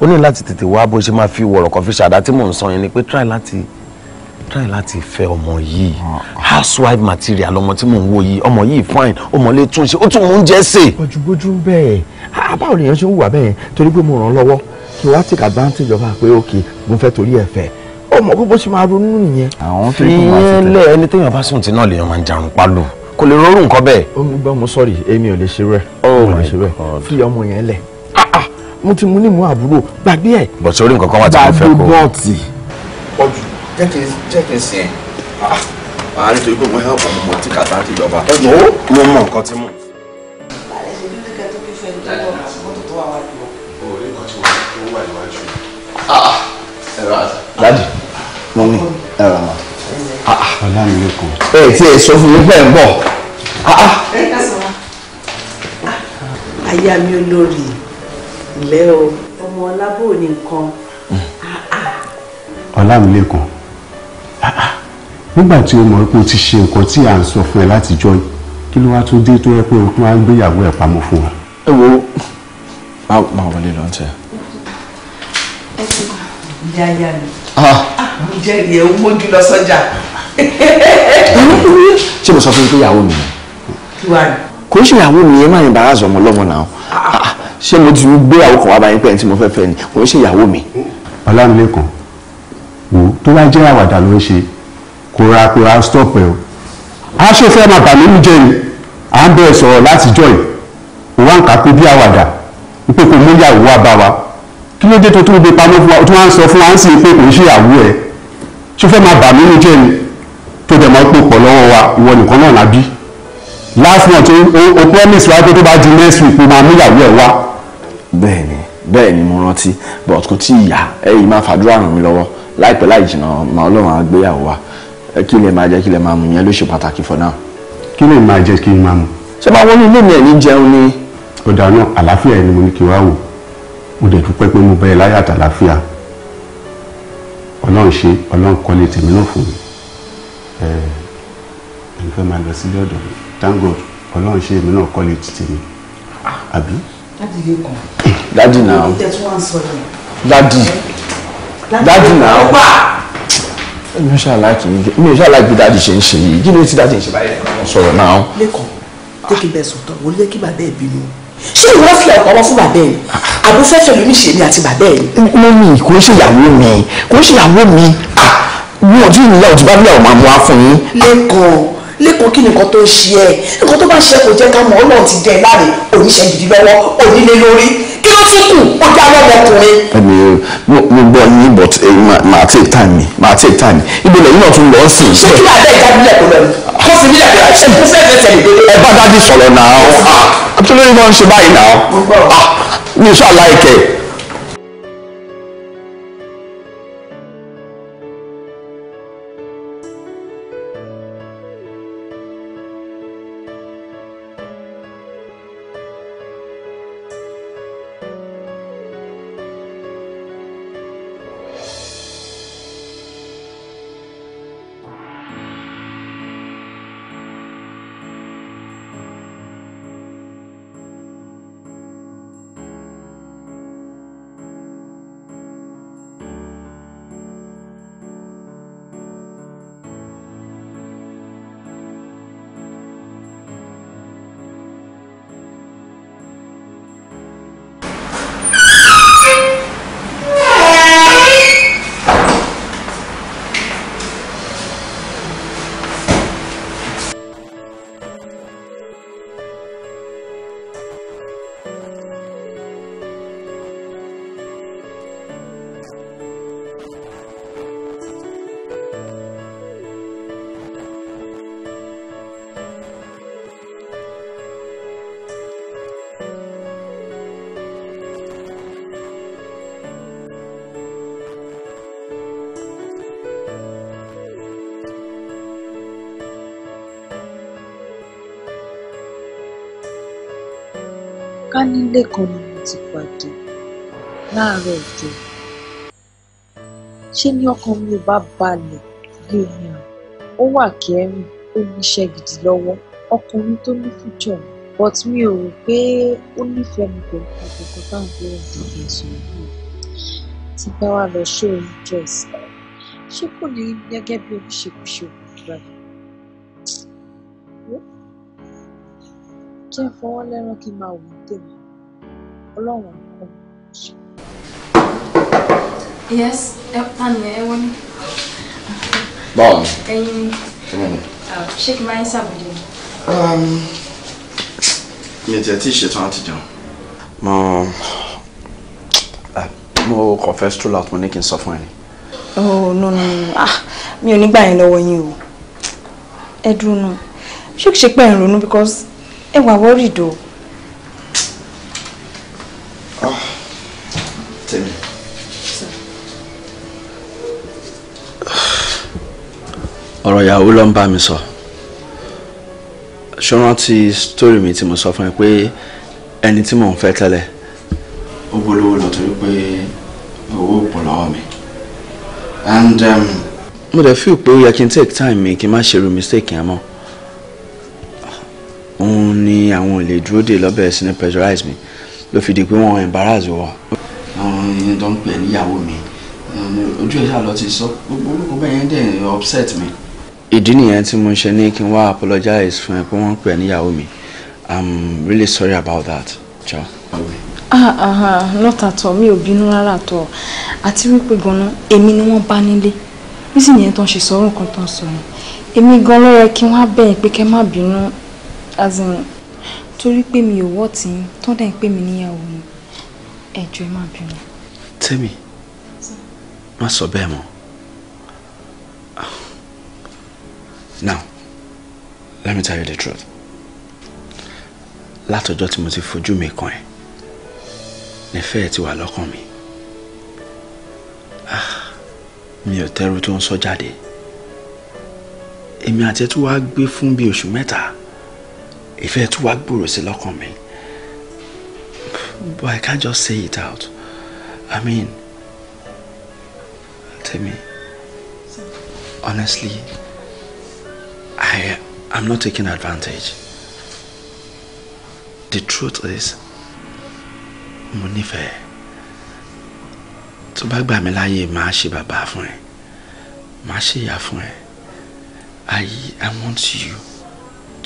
Speaker 2: ó ní láti tètè wá bó ṣe máa fi wọ̀rọ̀ kan fi ṣàdá tí mò ń sọ yẹn ni pé try láti try láti fẹ́ ọmọ yìí ah. housewife material ọmọ tí mò ń wo yìí ọmọ yìí fine ọmọ lè tún ṣe ó tún mò ń jẹ́ sè.
Speaker 1: bójúbójú ń bẹ́ẹ̀ ah, báwo lèèyàn ṣe ń wà bẹ́ẹ̀ torí pé mo ràn án lọ́wọ́ kí wàá take advantage of her pé
Speaker 2: ok mo
Speaker 1: fẹ́ torí ẹ̀ fẹ́ ọmọ gbogbo ṣe máa ronú nìyẹn. àwọn fíìmù máa ti tẹ̀. fi yẹn
Speaker 6: lẹ
Speaker 2: ẹni téèyàn bá sùn tí náà lèèyàn máa ń jarun pálọ̀ kò lè rọrùn nǹkan bẹ́ẹ̀. ó ń gbọ́ mo sọ̀rì èmi ò lè ṣe rẹ̀ oh mo lè ṣe rẹ̀ fi ọmọ yẹn lẹ̀ ah, ah, mo ti mu ní mu àbúrò gbàgbé ẹ̀. bọ̀ sórí
Speaker 9: nǹkan kan wà tí mo fẹ́ kó. gbàgbé bọ́ọ̀tì.
Speaker 1: pọ̀jù jẹ́ kí n sìn ẹ̀ ah, àá nítorí pé mo hẹ́ ọ̀pọ̀ mọ̀ tí kàtà ti jọba. ẹ̀dùn ó mo mọ nǹkan tí mo. dadi mọ́mí ẹ̀rọ àwọn. Ah, ah, Ọlámilékan. ẹ ti ẹ sọ fún mi pẹ́ ń bọ̀.
Speaker 3: Ah, aya mi olórí ilé o ọmọ ọlábò ní nǹkan.
Speaker 9: Ọlámilékan nígbà tí o mọ̀ pé o ti ṣe nǹkan tí à ń sọ fún ẹ látijọ́ yìí kí ló wá tó dé tó yẹ pé o tún wá ń gbéyàwó ẹ̀ pamọ́
Speaker 1: fún wa. ẹ wo máa wọlé lọ́ntẹ̀. ẹ ti
Speaker 3: wá ìyá ìyá
Speaker 1: mi.
Speaker 3: mo jẹ́rìí ẹ̀ ń mójú lọ sọ́jà
Speaker 1: ṣé mo sọ fún yín pé ìyàwó mi ni kò ṣe ìyàwó mi yẹn máa ń bára sọmọ lọ́mọ náà ah, ah, ṣé mo ti gbé àwọn kan wá báyìí pé ẹni tí mo fẹ́ fẹ́ ni kò ṣe ìyàwó mi. ọlámilẹ́kan wò tó bá jẹ́ àwàdà ló ń ṣe kò ra kò ra stop ẹ o aṣọ fẹ́ máa bà mí ní jẹ́ni à ń bẹ̀rẹ̀ sọ̀rọ̀ láti jọ yìí òun à ń kà pé bí àwàdà pé kò mú ìyàwó wa bá wa kí ló dé tó tún gbé pamọ́ fún wa tó wá ń sọ fún wa ń sì pé kò ń ṣe ìyàwó ẹ̀ ṣó fẹ́ máa bà mí ní jẹ́ni dẹ̀ máa ń pò lọ́wọ́ wa ìwọ nìkan náà lábí last month o promise wa pé tó bá di next week o máa mú ìyàwó ẹ̀ wá. bẹ́ẹ̀ni bẹ́ẹ̀ni mo rántí but kò tí ì yá ẹ̀yin máa fàdúrà ràn mí lọ́wọ́ láìpẹ́ láì jìnnà màá Ọlọ́run á gbéyàwó wa kí lè máa jẹ kí lè máa mú yẹn ló ṣe pàtàkì for now. kí lè máa jẹ kí n máa mú. ṣé bá wọ́n ní ilé mi ẹ̀ ní jẹun ni. ọ̀dà náà àlàáfíà ẹni mo ní kí wá wò mo dẹ̀ dúpẹ́ pé mo bẹ́ẹ̀ láyà àtàlàáfíà
Speaker 2: ọlọ́run ṣe ọlọ́run kọ́lé tèmi náà fún mi ẹ̀yin eh, fẹ́ máa lọ sílé ọ̀dọ̀ mi thank god ọlọ́run ṣe èmi náà kọ́lé ti tèmi àbí.
Speaker 3: dádì yóò kàn. dádì náà. oúnjẹ tí wọ́n ń sọ yẹn.
Speaker 1: mi ò ṣàlàkì mi bí dádì ṣe ń ṣe yìí kí ló ti dádì ṣe báyìí lẹ́kọ̀ọ́ sọ̀rọ̀ náà.
Speaker 3: lẹ́kọ̀ọ́ tẹ́kì bẹ́ẹ̀ sọ̀tọ̀ wọ́n lé kí bàbá ẹ̀ bínú ṣé ìwọ fi ẹ̀kọ́ ọmọ fún bàbá ẹ̀ àbúfẹ́fẹ́ lómi ṣèmi àti bàbá ẹ̀. mọ́mí kò ń ṣèyàwó mi kò ń ṣèyàwó mi ah! mi ò tí ì níyàwó tí bá níyàwó máa mú wá fún yín. lẹ́kọ̀ọ́ lẹ́kọ̀ọ́ kí ni nǹkan tó ń ṣe ẹ́ nǹkan tó bá ṣe kò jẹ́ ká mọ̀ ọ́ náà ti dẹ̀ láre oníṣẹ́ gidi lọ́wọ́ onílé lórí kí ló tún kù ó dá lọ́mọkùnrin. ẹ̀mi
Speaker 6: o
Speaker 1: mo gbọ́ yín but eh, máa take time mi máa take time ibi lẹ́yìn náà tún lọ sí. ṣé kí ló dé ìdábílẹ̀
Speaker 3: kó lọ kó fi nílẹ̀ kó ṣe kó fẹ́ fẹ́ tẹ̀lé délé. ẹ bá dájú sọ̀rọ̀ náà ah
Speaker 1: kí ló ń ṣe báyìí náà ah
Speaker 3: ká nílé kan ni mo ti pàdé láàárọ̀ ọjọ́ ṣe ni ọkàn mi ò bá balẹ̀ lé mi hàn ó wà kẹrin ó níṣẹ́ gidi lọ́wọ́ ọkùnrin tó ní fújọ but mi ò rò pé ó nífẹ̀ẹ́ mi pẹ̀lú àkókò táwọn tó ń dìde ẹ̀sùn yìí ti bá
Speaker 5: wa lọ ṣó oúnjẹ ìsìn ṣé kò ní gẹ́gẹ́ bí oníṣekúṣe jẹ́ fọwọ́ lẹ́rán kí n máa
Speaker 3: wò ó tèmi ọlọ́run àkọ́ ṣe. yes ẹ pa mi ẹ wọlé. báwo ni. ẹyin ah, ṣé kí n máa ń ṣàbùjẹ.
Speaker 1: Um, mi tiẹ̀ tí ì ṣetán láti jẹun. mo ah, mo confess true out mo ní kí n sọ fún ẹ ni.
Speaker 3: oh no no ah mi ò ní gbà yín lọ́wọ́ yín o ẹ dúró náà ṣé kìí ṣe pé ẹ̀ ń ronú because ẹ wà worried o.
Speaker 1: Ah, tèmi. ọ̀rọ̀ ìyàwó ló ń bá mi sọ ṣó rántí story mi tí mo sọ fún ẹ pé ẹni tí mò ń fẹ́ tẹ́lẹ̀ ó gbólówó lọ torí pé owó pọ̀ lọ́wọ́ mi and. Um, mo dẹ̀ feel pé ó yẹ kí n take time mi kí n má ṣerú mistake yẹn mọ́ àwọn ò lè dúró dè lọ́bẹ̀ sí pressurize mi ló fi di pé wọ́n embarrass wa. àwọn ìyẹn tó ń pè níyàwó mi ojú ẹ̀ lọ ti sọ gbogbo olùkọ́ bẹ́ẹ̀ yẹn dẹ̀ upset mi. ìdí nìyẹn tí mo ṣe ní kí n wá apologize fún ẹ pé wọ́n ń pè níyàwó mi i'm really sorry about that.
Speaker 6: Ciao. Okay
Speaker 3: lọ́tà tọ̀ mi ò bínú rárá tọ̀ àti wípé gan-an èmi ni wọ́n bá nílé nísì yẹn tó ń ṣe sọ́rùn kan tó ń sọ yẹn èmi gan ló yẹ kí wọ́n á bẹ̀yìn pé kẹ́ má bínú torí pé mi ò wọ́ tí ń tán dẹ̀ ń pè mí níyàwó mi ẹ̀jọ̀ ẹ má bínú.
Speaker 1: tẹ́mi má sọ bẹ́ẹ̀ mọ́ now let me tell you the truth látọjọ́ tí mo ti fojú mi kàn ẹ́ nífẹ̀ ẹ̀ ti wà lọ́kàn mi ah, mi ò tẹ́rù tó ń sọ jáde èmi àti ẹ̀ tún wá gbé fún bíi oṣù mẹ́ta ìfẹ́ tún wá gbòòrò sí lọ́kàn mi but I can't just say it out I mean tell me honestly I am not taking advantage the truth is mo nífẹ̀ẹ́ tó bá gbà mí láàyè máa ṣe bàbá fún ẹ máa ṣe ìyá fún ẹ I I want you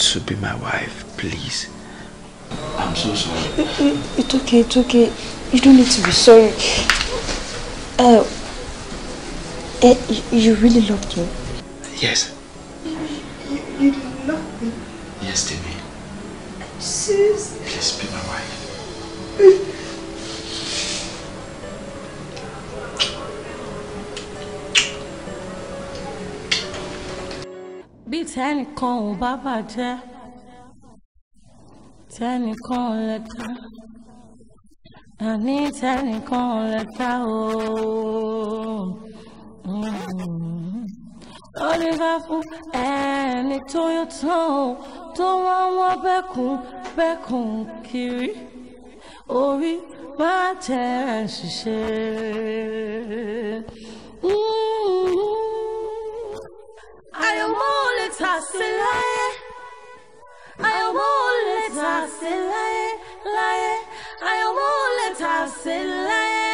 Speaker 1: to be my wife, please. I'm so sorry.
Speaker 3: It, *laughs* it, it's okay, it's okay. You don't need to be sorry. Uh, uh, you really loved me. Yes. You, you, you loved me? Yes, Timmy. Seriously?
Speaker 4: tẹ́nìkan ò bá bàjẹ́ tẹ́nìkan ò lè ta àní tẹ́nìkan ò lè ta ooo. Mm-hmm. ó ní bá fún ẹni tó yó tán o tó wọ́n wọ́n bẹ́kùn bẹ́kùn kiri orí má tẹ̀ ẹ́ ṣiṣẹ́.
Speaker 6: Mm-hmm. ayomoleta se láyé ayomoleta se láyé
Speaker 4: láyé ayomoleta se láyé.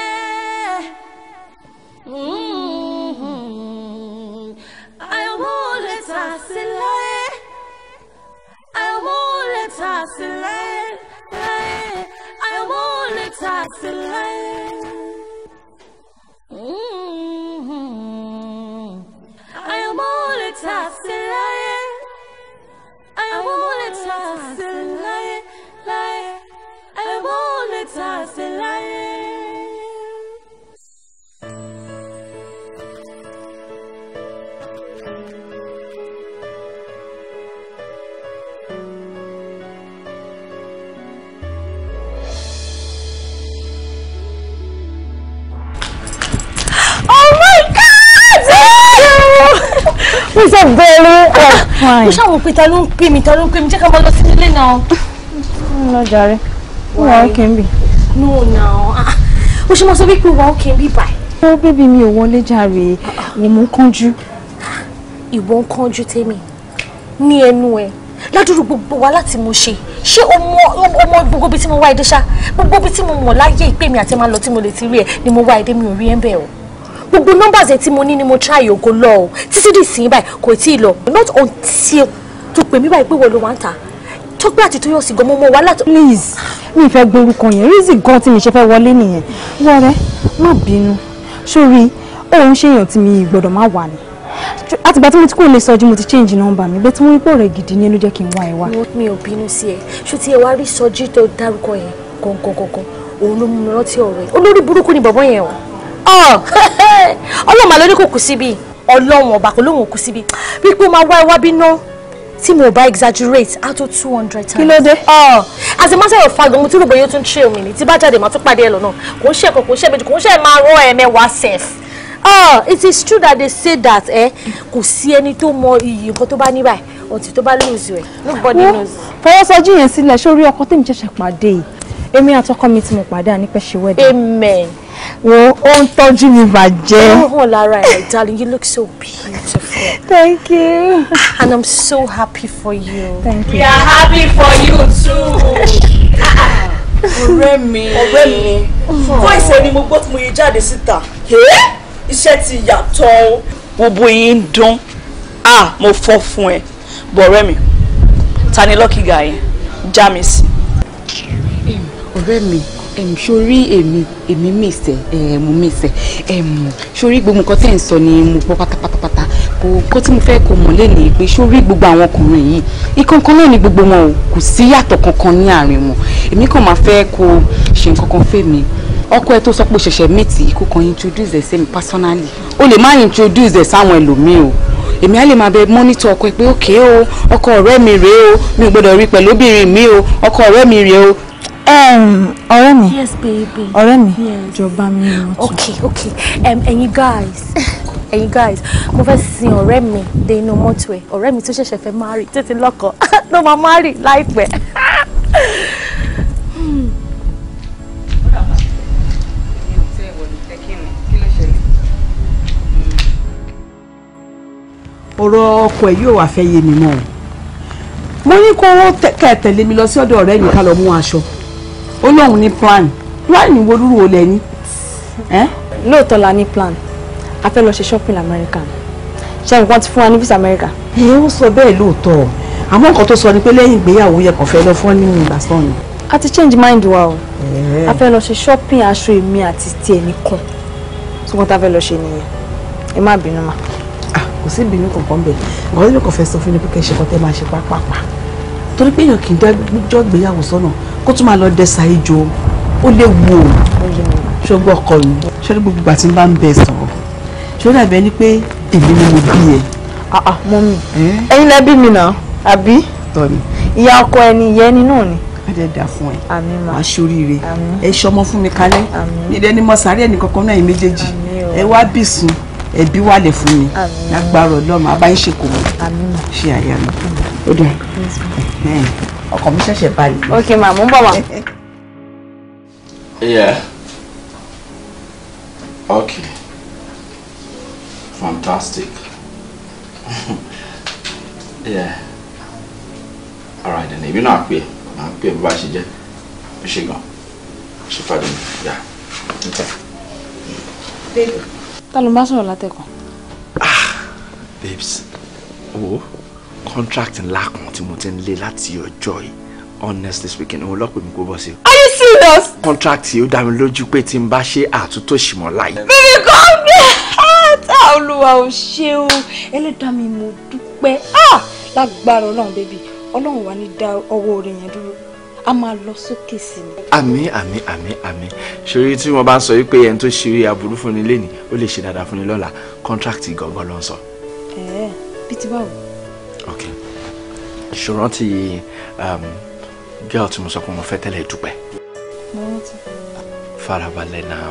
Speaker 4: Mm-hmm. Ayomoleta se láyé ayomoleta se láyé láyé ayomoleta se láyé.
Speaker 5: mo ṣàwọn pé ta ló ń pè mí ta ló ń pè mí jẹ́ ká máa lọ sí ilé náà. Mm, ń lọ jàre wà á kì í bì. no náà o ah, ah. ṣe máa sọ wípé wà á kì í bì báyìí. ó bébí mi ò wọlé jàre wò ah, mú kánjú. ìwọ ń kánjú tèmi ní ẹnu ẹ ládùúrú gbogbo wa láti mo o mo o mo gbogbo ibi tí mo wá èdè ṣá gbogbo ibi tí mo mo láyé ìpè mi àti máa lọ tí mo lè ti rí ẹ ni mo wá èdè mi o rí ẹ bẹ́ẹ̀ o gbogbo numbers ẹ̀ tí mo ní ni mo try ògo lọ o títí di ìsìn báyìí kò tí ì lọ not until tó pè mí báyìí pé wọ́n ló wá ń tà tọ́gbẹ́ àti tó yọ̀ sí gan mọ́mọ́ wa láti. please
Speaker 3: mi ì fẹ́ gbọ́ orúkọ yẹn rízì gan tí mi ṣe fẹ́ wọlé nìyẹn
Speaker 5: wọ́rẹ́ má bínú sórí
Speaker 3: òun ṣèyàn tí mi gbọ́dọ̀ má wà ní àtìgbà tí mo ti kúrò lè sọjí mo ti change nọ́mbà mi bẹ́ẹ̀ tí wọ́n rí pé ọ̀rẹ́ gidi ni ló jẹ́ kí n wá ẹ wá.
Speaker 5: mi ò bínú sí ẹ ṣó ti ẹ wá rí sọjí tó dárúkọ yẹn gangan gangan òun ló mú mi rántí ọ̀rẹ́ olórí burúkú ni bàbá yẹn o. Ah. *laughs* ọlọ́run màá lóní kò kú síbi ọlọ́run ọba kò lóun kú síbi wípé ó máa wá iwábí náà tí mo bá exaggerate á tó two hundred times. kí ló dé. Ah. as a matter of fact mo tún rògbò yóò tún ṣe omi ni tí bá jáde màá tún pàdé ẹ lọ́nà kò ń ṣe ẹ̀kọ́ kò ń ṣe ẹ̀mejì kò ń ṣe ẹ̀ máa rán ẹ̀mẹ́wàá sef. Ah, it is true that they say that eh? kò sí ẹni tó mọ iyì nǹkan tó bá ní ọtí tó bá lose ẹ eh, nobody knows.
Speaker 3: fọwọ́sọjí yẹn sílẹ̀ sórí ọkọ tèmi ṣẹ̀ṣẹ̀ pàdé yìí
Speaker 5: èmi àtọkọ mi tí mo pàdé ànípẹ́ amen wo ó ń tọ́jú mi bàjẹ́. ọ̀hún lára ẹ̀ darling you look so beautiful. thank you. Ah, and i'm so happy for you. thank you. we are happy for you too. ọ̀rẹ́ mi ọ̀rẹ́ mi voice ẹni mo gbọ́ tí mo yẹ jáde síta
Speaker 3: iṣẹ́ ti yàtọ̀ o. gbogbo yín ń dún ah mo fọ́ fún ẹ bọ̀rẹ́ mi ta ni lucky guy yẹn já mi sí. ọ̀rẹ́ mi sórí èmi èmi mèsè mo mèsè sórí gbogbo nǹkan tẹ̀ ń sọ ni mo gbọ́ pátápátápátá kó tí mo fẹ́ kó mọ̀ lẹ́nu pé sórí gbogbo àwọn ọkùnrin yìí ìkankan náà ni gbogbo wọn o kò sí yàtọ̀ kankan ní àárín wọn èmi kàn máa fẹ́ kó ṣe nǹkan kan fẹ́ mi ọkọ ẹ tó sọ pé ṣẹ̀ṣẹ̀ mìtì kó kàn introduce ẹ sí personally o lè má introduce ẹ sáwọn ẹlòmíì o èmi á lè máa bẹ mọ́nítọ̀ ọkọ ẹ pé òkè o ọkọ ọ̀rẹ́ mi rèé o mi ò gbọ́dọ̀ rí pẹ̀lú obìnrin mi o ọkọ ọ̀rẹ́ mi rèé o Um, ọ̀rẹ́ mi.
Speaker 5: Yes, baby. ọ̀rẹ́ mi. Jọba mi Okay, okay. Um, ẹ̀yin guys. *laughs* ẹ̀yin guys, mo fẹ́ sin ọ̀rẹ́ mi dé inú mọ́tò ẹ̀. Ọ̀rẹ́ mi tó ṣẹ̀ṣẹ̀ fẹ́ marry tètè lọ́kọ. *laughs* Ló máa marry láìpẹ́.
Speaker 3: *laughs* ọ̀rọ̀ ọkọ ẹ̀ yóò wá fẹ́ yé mi mọ́ o mo ní kó kẹ́ tẹ̀lé mi lọ sí ọ̀dọ̀ ọ̀rẹ́ yìí ká lọ mú aṣọ ó lóun ní plan plan ni wodúrú olè ní. lóòótọ́ la ní plan a fẹ́ lọ ṣe shopping America ṣe nǹkan ti fún wa ní visa America. ẹ ó sọ bẹ́ẹ̀ lóòótọ́ àmọ́ nǹkan tó sọ ni pé lẹ́yìn ìgbéyàwó yẹ kàn fẹ́ lọ fún ní ìgbà sàn ni. a ti change mind wa o a fẹ́ lọ ṣe shopping aṣọ èmi àti tiẹ̀ nìkan ṣùgbọ́n tá a fẹ́ lọ ṣe nìyẹn ẹ má bínú mà. Ah, kò sí ìbínú kankan bẹ́ẹ̀ ọ̀rẹ́ mi kò fẹ́ sọ fún mi pé kẹ́ ṣe kọ́ tẹ́ máa ṣe pápápá torí pé èèyàn kì í dájọ́ ìgbéyàwó sọ́nà kó tún máa lọ dẹ́sà ìjọ ó léwu o ṣọgbọ́n ọkọ mi ṣọlá gbogbo ìgbà tí n bá ń bẹ sọ̀rọ̀ ṣọlá dàbí ẹni pé èmi ni mo bí ẹ. Ah, ah, mọ mi ẹ̀yin lẹbi mi náà àbí ìyá ọkọ ẹni ìyá ẹni náà ni. a jẹ dà fún ẹ wàá ṣoríire ẹ ṣọmọ fún mi kalẹ̀ ìdẹ ni mo sàárẹ ẹnì kankan náà yìí méjèèjì ẹ wá bì sùn ẹbí wà lẹ fún mi lágbára Ọlọ́run àbáyé ṣe kò mọ ṣe àyà mi ó dà ọkàn mi mumba balẹ̀. *laughs* yeah okay
Speaker 1: fantastic *laughs* yeah alright then èmi náà pè máa pè bí bá ṣe jẹ́ bí ṣe gan ṣe fàdé mi yà níta.
Speaker 3: ta ló ah
Speaker 1: babes Oh contract ńlá kan tí mo ti ń lé láti ọjọ́ yìí honestly speaking òun lọ́pọ̀ mi kò bọ́ sí. are you serious. contract yìí ó dá mi lójú pé tí n bá ṣe àtúntò ṣìmọ̀ láyé.
Speaker 3: bíbí kan bí ata olúwa ò ṣe o ẹlẹ́dàá mi mo dúpẹ́ ah, lágbára ọlọ́run bébì ọlọ́run wà ní dá ọwọ́ orin yẹn dúró a máa lọ sókè sí ni.
Speaker 1: àmín àmín àmín àmín ṣòrí tí wọn bá ń sọ wípé ẹni tó ṣeré aburú fún ni lẹ́nìí ó lè ṣe dáadáa fún ni lọ́la kọ́ńtrákìtì gọ́gọ́ ló ń sọ.
Speaker 3: ẹ ẹ bí ti báwo
Speaker 1: ok ṣùgbọ́n ti um, girl tí mo sọ pé mo fẹ́ tẹ́lẹ̀ dúpẹ́. farabalẹ̀ náà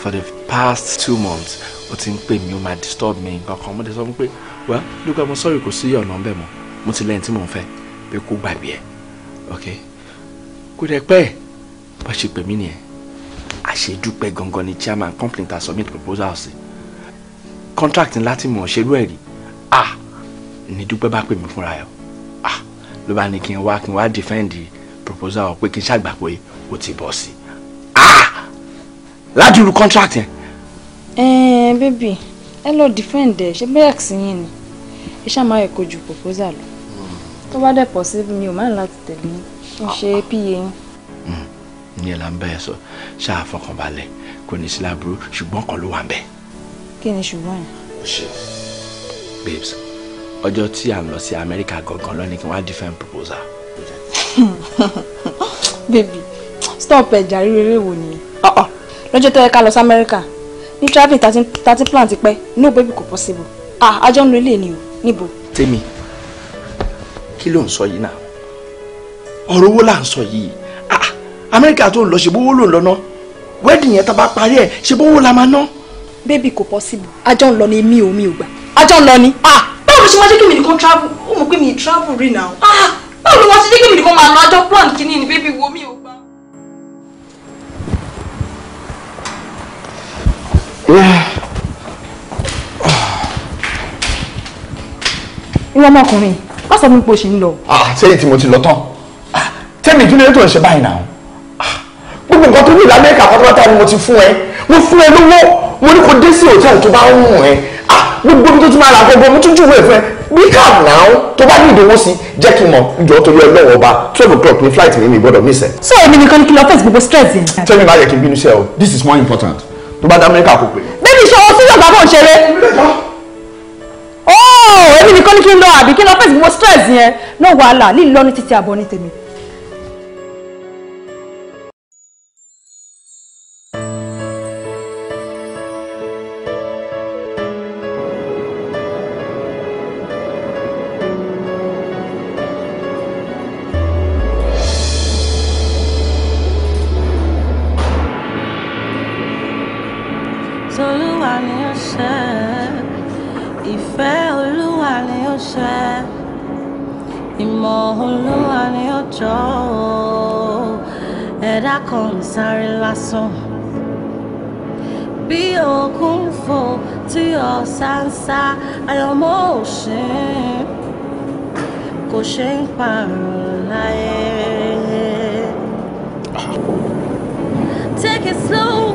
Speaker 1: for the past two months o in ń you might disturb me, nǹkan come with some. sọ well look i'm sorry you could see your number. mo ti lẹ́yìn tí mò ń fẹ́ pé kó gbàgbé ẹ̀ ok kò dẹ̀ pẹ́ bá ṣe pè mí nìyẹn àṣedúpẹ́ gangan ni chairman company and submit proposal sí contract ńlá Latin, mò ń ṣerú ah ní dúpẹ́ bá pè mí fúnra ẹ̀ ah ló bá ní kí n wá kí n wá defend proposal pé kí n ṣàgbà pé o ti bọ̀
Speaker 3: sí ah
Speaker 1: ládùúrú contract yẹn.
Speaker 6: ẹ
Speaker 3: ẹ bébì ẹ lọ defend ẹ ṣe bẹ́ẹ̀ sí yín ni ẹ ṣáà máa ẹ̀kọ́ ju proposal lọ hmm. tó bá dẹ̀ possible mi ò máa ń láti tẹ̀lé ah. hmm. ń ṣe pa yín.
Speaker 1: ní ẹ̀ ń bẹ́ẹ̀ sọ ṣáà fọkànbalẹ̀ kò ní sí láburú ṣùgbọ́n kan ló wà ń bẹ̀. kí ni ṣùgbọ́n yẹn. babes ọjọ́ tí à ń lọ sí amẹ́ríkà gangan lọ́ni kí wọ́n á different proposal.
Speaker 3: *laughs* baby stop ẹja rere wo ni oh, oh, lọ́jọ́ tó yẹ ká lọ sí amẹ́ríkà ní traveling thirty plan ti pẹ́ no baby kò possible ah ajọ́ ń lo ilé ni o níbo.
Speaker 1: tèmi kí ló ń sọ yìí náà ọ̀rọ̀ owó là ń sọ yìí ah
Speaker 3: amẹ́ríkà tó ń lọ ṣèbówó ló ń lọ náà wedding yẹn tá a bá parí ẹ̀ ṣèbówó la máa ná. baby kò possible ajọ́ ń lọ ni mi ò mi ò gbà ajọ́ ń lọ ni ah báwo ṣe máa jẹ́ kí mi nìkan travel ó mọ̀ pé mi travel rí náà ah, báwo ló wọ́n ṣe jẹ́ kí mi nìkan máa lọ àjọ plan kìíní ni bébí wo mi ò gbà. ìwọ ọmọkùnrin wọ́n sọ fún mi pé o ṣì ń lọ.
Speaker 1: sẹ́yìn ah, tí mo ti lọ tán ah, tẹ́mi kí ló tó ń ṣe báyìí náà
Speaker 3: gbogbo nǹkan tó ní ìlànà ẹ̀ka pátápátá ni mo ti fún ẹ mo fún ẹ lówó mo ní kó dé
Speaker 1: sí hòtẹ́ẹ̀lì tó bá ń mú ẹ gbogbo ibi tó ti máa ra gbogbo mo tún júwèé fún ẹ bí calm now tó bá ní ìdánwò sí jẹ́ kí n mọ̀ ìjọ torí ọlọ́wọ́ ọba twelve o'clock ní flight mi mi gbọ́dọ̀ miss ẹ. so èmi nìkan ni kí lọ fẹ́ gbogbo stress yẹn. tẹ́mi bá yẹ kí n bínú sí o this is more important tó bá dá amẹ́ríkà kò pé. bébí
Speaker 6: ìṣòro sí yọ̀gbá bò ń ṣeré. ooo oh,
Speaker 3: èmi nìkan ni kí n lọ àbí kí n lọ fẹ́ gbogbo stress yẹn náà wàhálà lílọ ní títí àbọ̀ ní tèmi
Speaker 4: sánsá àyànmọ́ òṣìn kò ṣe ń Take it slow.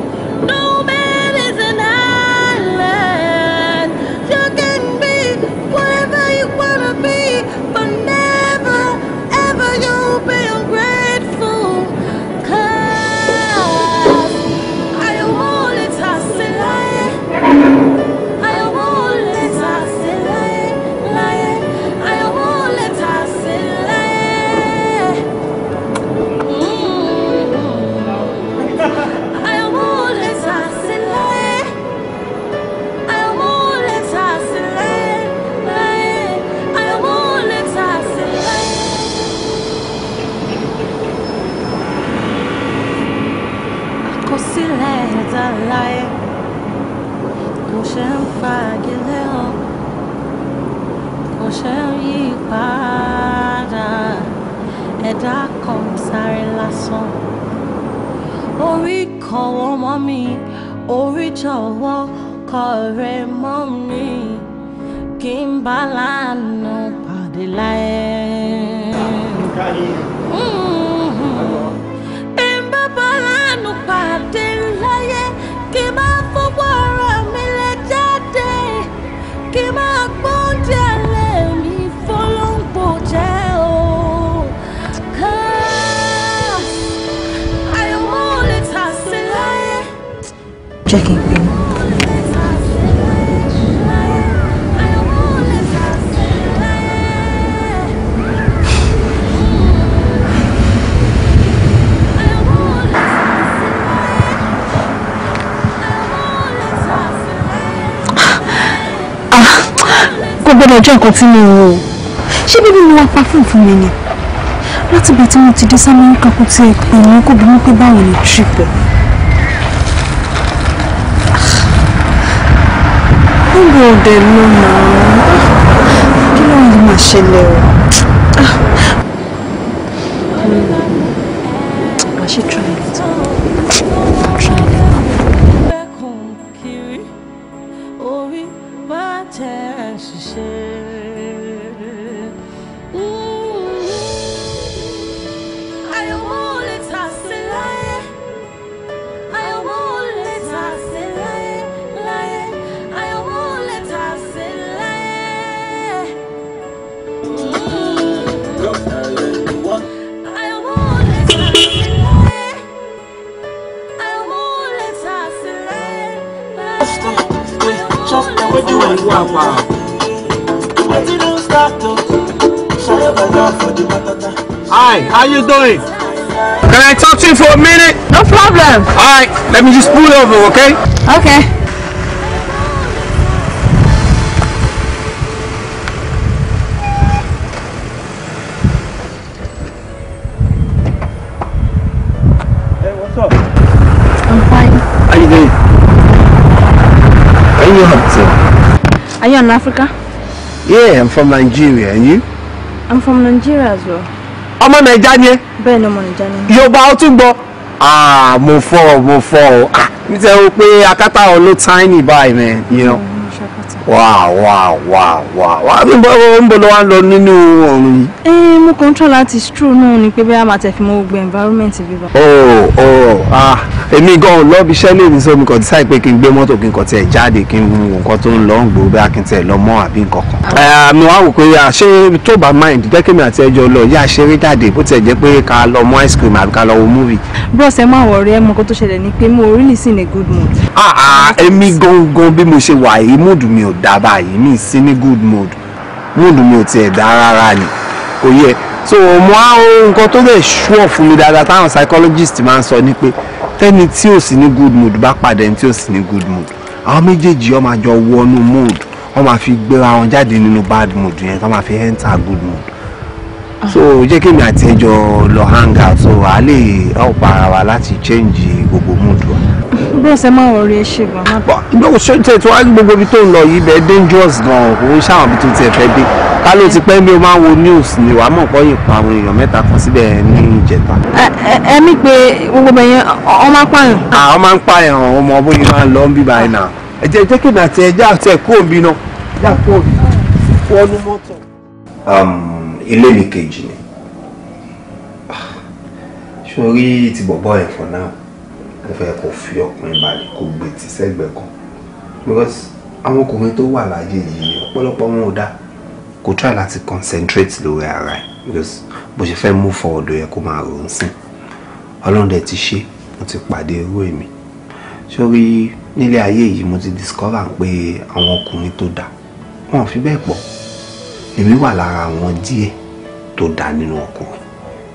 Speaker 4: sáré lásán. Orí kan wọ́n mọ́ mi, orí jọ̀wọ́ kọ rẹ̀ mọ́ mi, kí n bá lánà pàdé láyé. Mm-hmm. Kí n bá lánà pàdé.
Speaker 3: lè jẹ́ nǹkan tí mi ò ṣé bíbí mi wá pa fún fún mi ni láti ibi tí mo ti dé sáméríkà kó tiẹ̀ pè mí kó bí mi pé báwo ni tìrìpẹ̀. níbo ọdẹ ló nà án kí ló ń máa ṣẹlẹ̀ o. Ah.
Speaker 1: Hi, how you doing? Can I talk to you for
Speaker 9: a minute? No problem. All right, let me just pull over, okay? Okay.
Speaker 7: Hey, what's up? I'm fine. How you doing?
Speaker 9: are you happy?
Speaker 3: Are you in Africa?
Speaker 9: Yeah, I'm from Nigeria. And you?
Speaker 3: I'm from Nigeria as well.
Speaker 9: ọmọ naija ni ẹ. bẹ́ẹ̀ ni ọmọ naija ni. yorùbá ó tún gbọ́. mo fọ o mo fọ o mi tẹ o pé akátá ọ ló tiny by man you know. Wow, wow, wow, wow, wow. bí n bọ́ ń bọ́ lọ́wọ́ lọ nínú ọ̀run yìí.
Speaker 3: ẹ mo kàn ń tọ́ láti stroll náà ni pé bí a máa tẹ̀ fi mọ gbogbo environment bíbá.
Speaker 9: oh oh ah èmi gan lọ bí iṣẹ́ lè ní sọ mi kàn decide pé kí n gbé mọ́tò kí n kàn tiẹ̀ jáde kí n wo nǹkan tó ń lọ ń gbòó bá kí n tiẹ̀ lọ mọ́ àbí nǹkan kan. mi wá wò pé àṣé tó bá mind jẹ́ mi àti ẹjọ́ lọ yá ṣeré jáde bó tiẹ̀ jẹ́ pé ká lọ mọ ice cream àbí ká lọ wo movie.
Speaker 3: bros ẹ máa wọ ọ̀rẹ́ ẹ tó ṣẹlẹ̀ ni pé mo really sin a good mood.
Speaker 9: èmi gangan bí mo ṣe wà yìí mood mi ò dá báyìí mi so mo á nǹkan tó lè ṣúọ̀ fún mi dáadáa táwọn psychologist máa ń sọ ni pé tẹ́ni tí ò sí ní good mood bá padà ẹni tí ò sí ní good mood àwọn méjèèjì ó máa wọnú mood ó máa fi gbéra wọn jáde nínú bad mood yẹn tó máa fi enter good mood so jẹ́ kémi àti ẹjọ́ lọ hang out so a lè help ara wa láti change gbogbo mood wa.
Speaker 3: bó ṣe máa wọrí ẹ ṣe gan-an.
Speaker 9: ìgbà òṣèlú tẹ̀ tí wọ́n á gbogbo ibi tó ń lọ yìí bẹ́ẹ̀ dangerous gan-an kò ń ṣàwọn ibi tó ti ẹ̀ fẹ́ dé ká ló ti pẹ́ bí o máa ń wo news ni wàá mọ̀ pọ́yìn pa àwọn èèyàn mẹ́ta kan síbẹ̀ ní ìjẹta. ẹmí pé gbogbo ẹ̀yẹn ọmọ apáyàn. ọmọ apáyàn ọmọ bóyá máa lọ ń bíbá ẹ̀ náà ẹ jẹ́ jẹ́ kí n àti ẹja àti ẹ̀kọ́ òbí náà yà kó òbí wọnú mọ́tò. Um, ilé mi kejì ni sórí ti bọ̀bọ̀ ẹ̀ fọ̀ náà mo fẹ́ kó fi ọkùnrin balẹ̀ kó gbé ti sẹ́gbẹ̀ẹ́ kan because àwọn ọkùnrin tó wà láyé yìí ọ̀pọ̀lọpọ̀ wọn ò dáa kò try láti concentrate lórí ara ẹ̀ because bó ṣe fẹ́ move forward ó yẹ kó máa rò ó sí ọlọ́run dẹ̀ ti ṣe mo ti pàdé irú èmi sórí nílé ayé yìí mo ti discover pé àwọn ọkùnrin tó dà wọn ò fi bẹ́ẹ̀ pọ̀ èmi wà lára àwọn díẹ̀ tó dà nínú ọkùnrin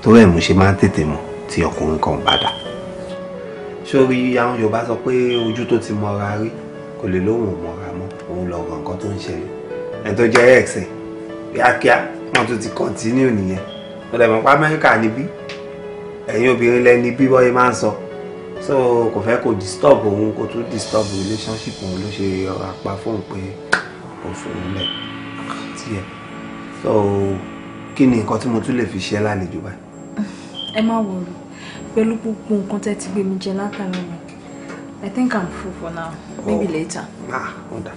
Speaker 9: torí ẹ̀ mo ṣe máa ń tètè mọ̀ tí ọkùnrin kan bá dà sórí àwọn Yorùbá sọ pé ojú tó ti mọra rí kò lè lóhùn mọra mọ́ òun lọ̀rọ̀ nǹkan tó ń ṣẹlẹ̀ ẹ̀ tó jẹ́ ẹ̀sìn kíákíá wọ́n tún ti kọ̀ntínú nìyẹn mo dẹ̀ mọ̀ pé amẹ́ríkà níbí ẹ̀yin obìnrin lẹ́ni bí wọ́n yẹ máa ń sọ so kò fẹ́ kó disturb òun kó tún disturb relationship òun ló ṣe ọ̀rọ̀ apá fóun pé kò fòun lẹ̀ tiẹ̀ so kí ni nǹkan tí mo tún lè fi ṣe lálejò báyìí.
Speaker 3: ẹ má wọrọ pẹ̀lú gbogbo nǹkan tẹ́ ti gbé mi jẹ látara mi I think I'm full for now maybe oh. later.
Speaker 9: ah ó dà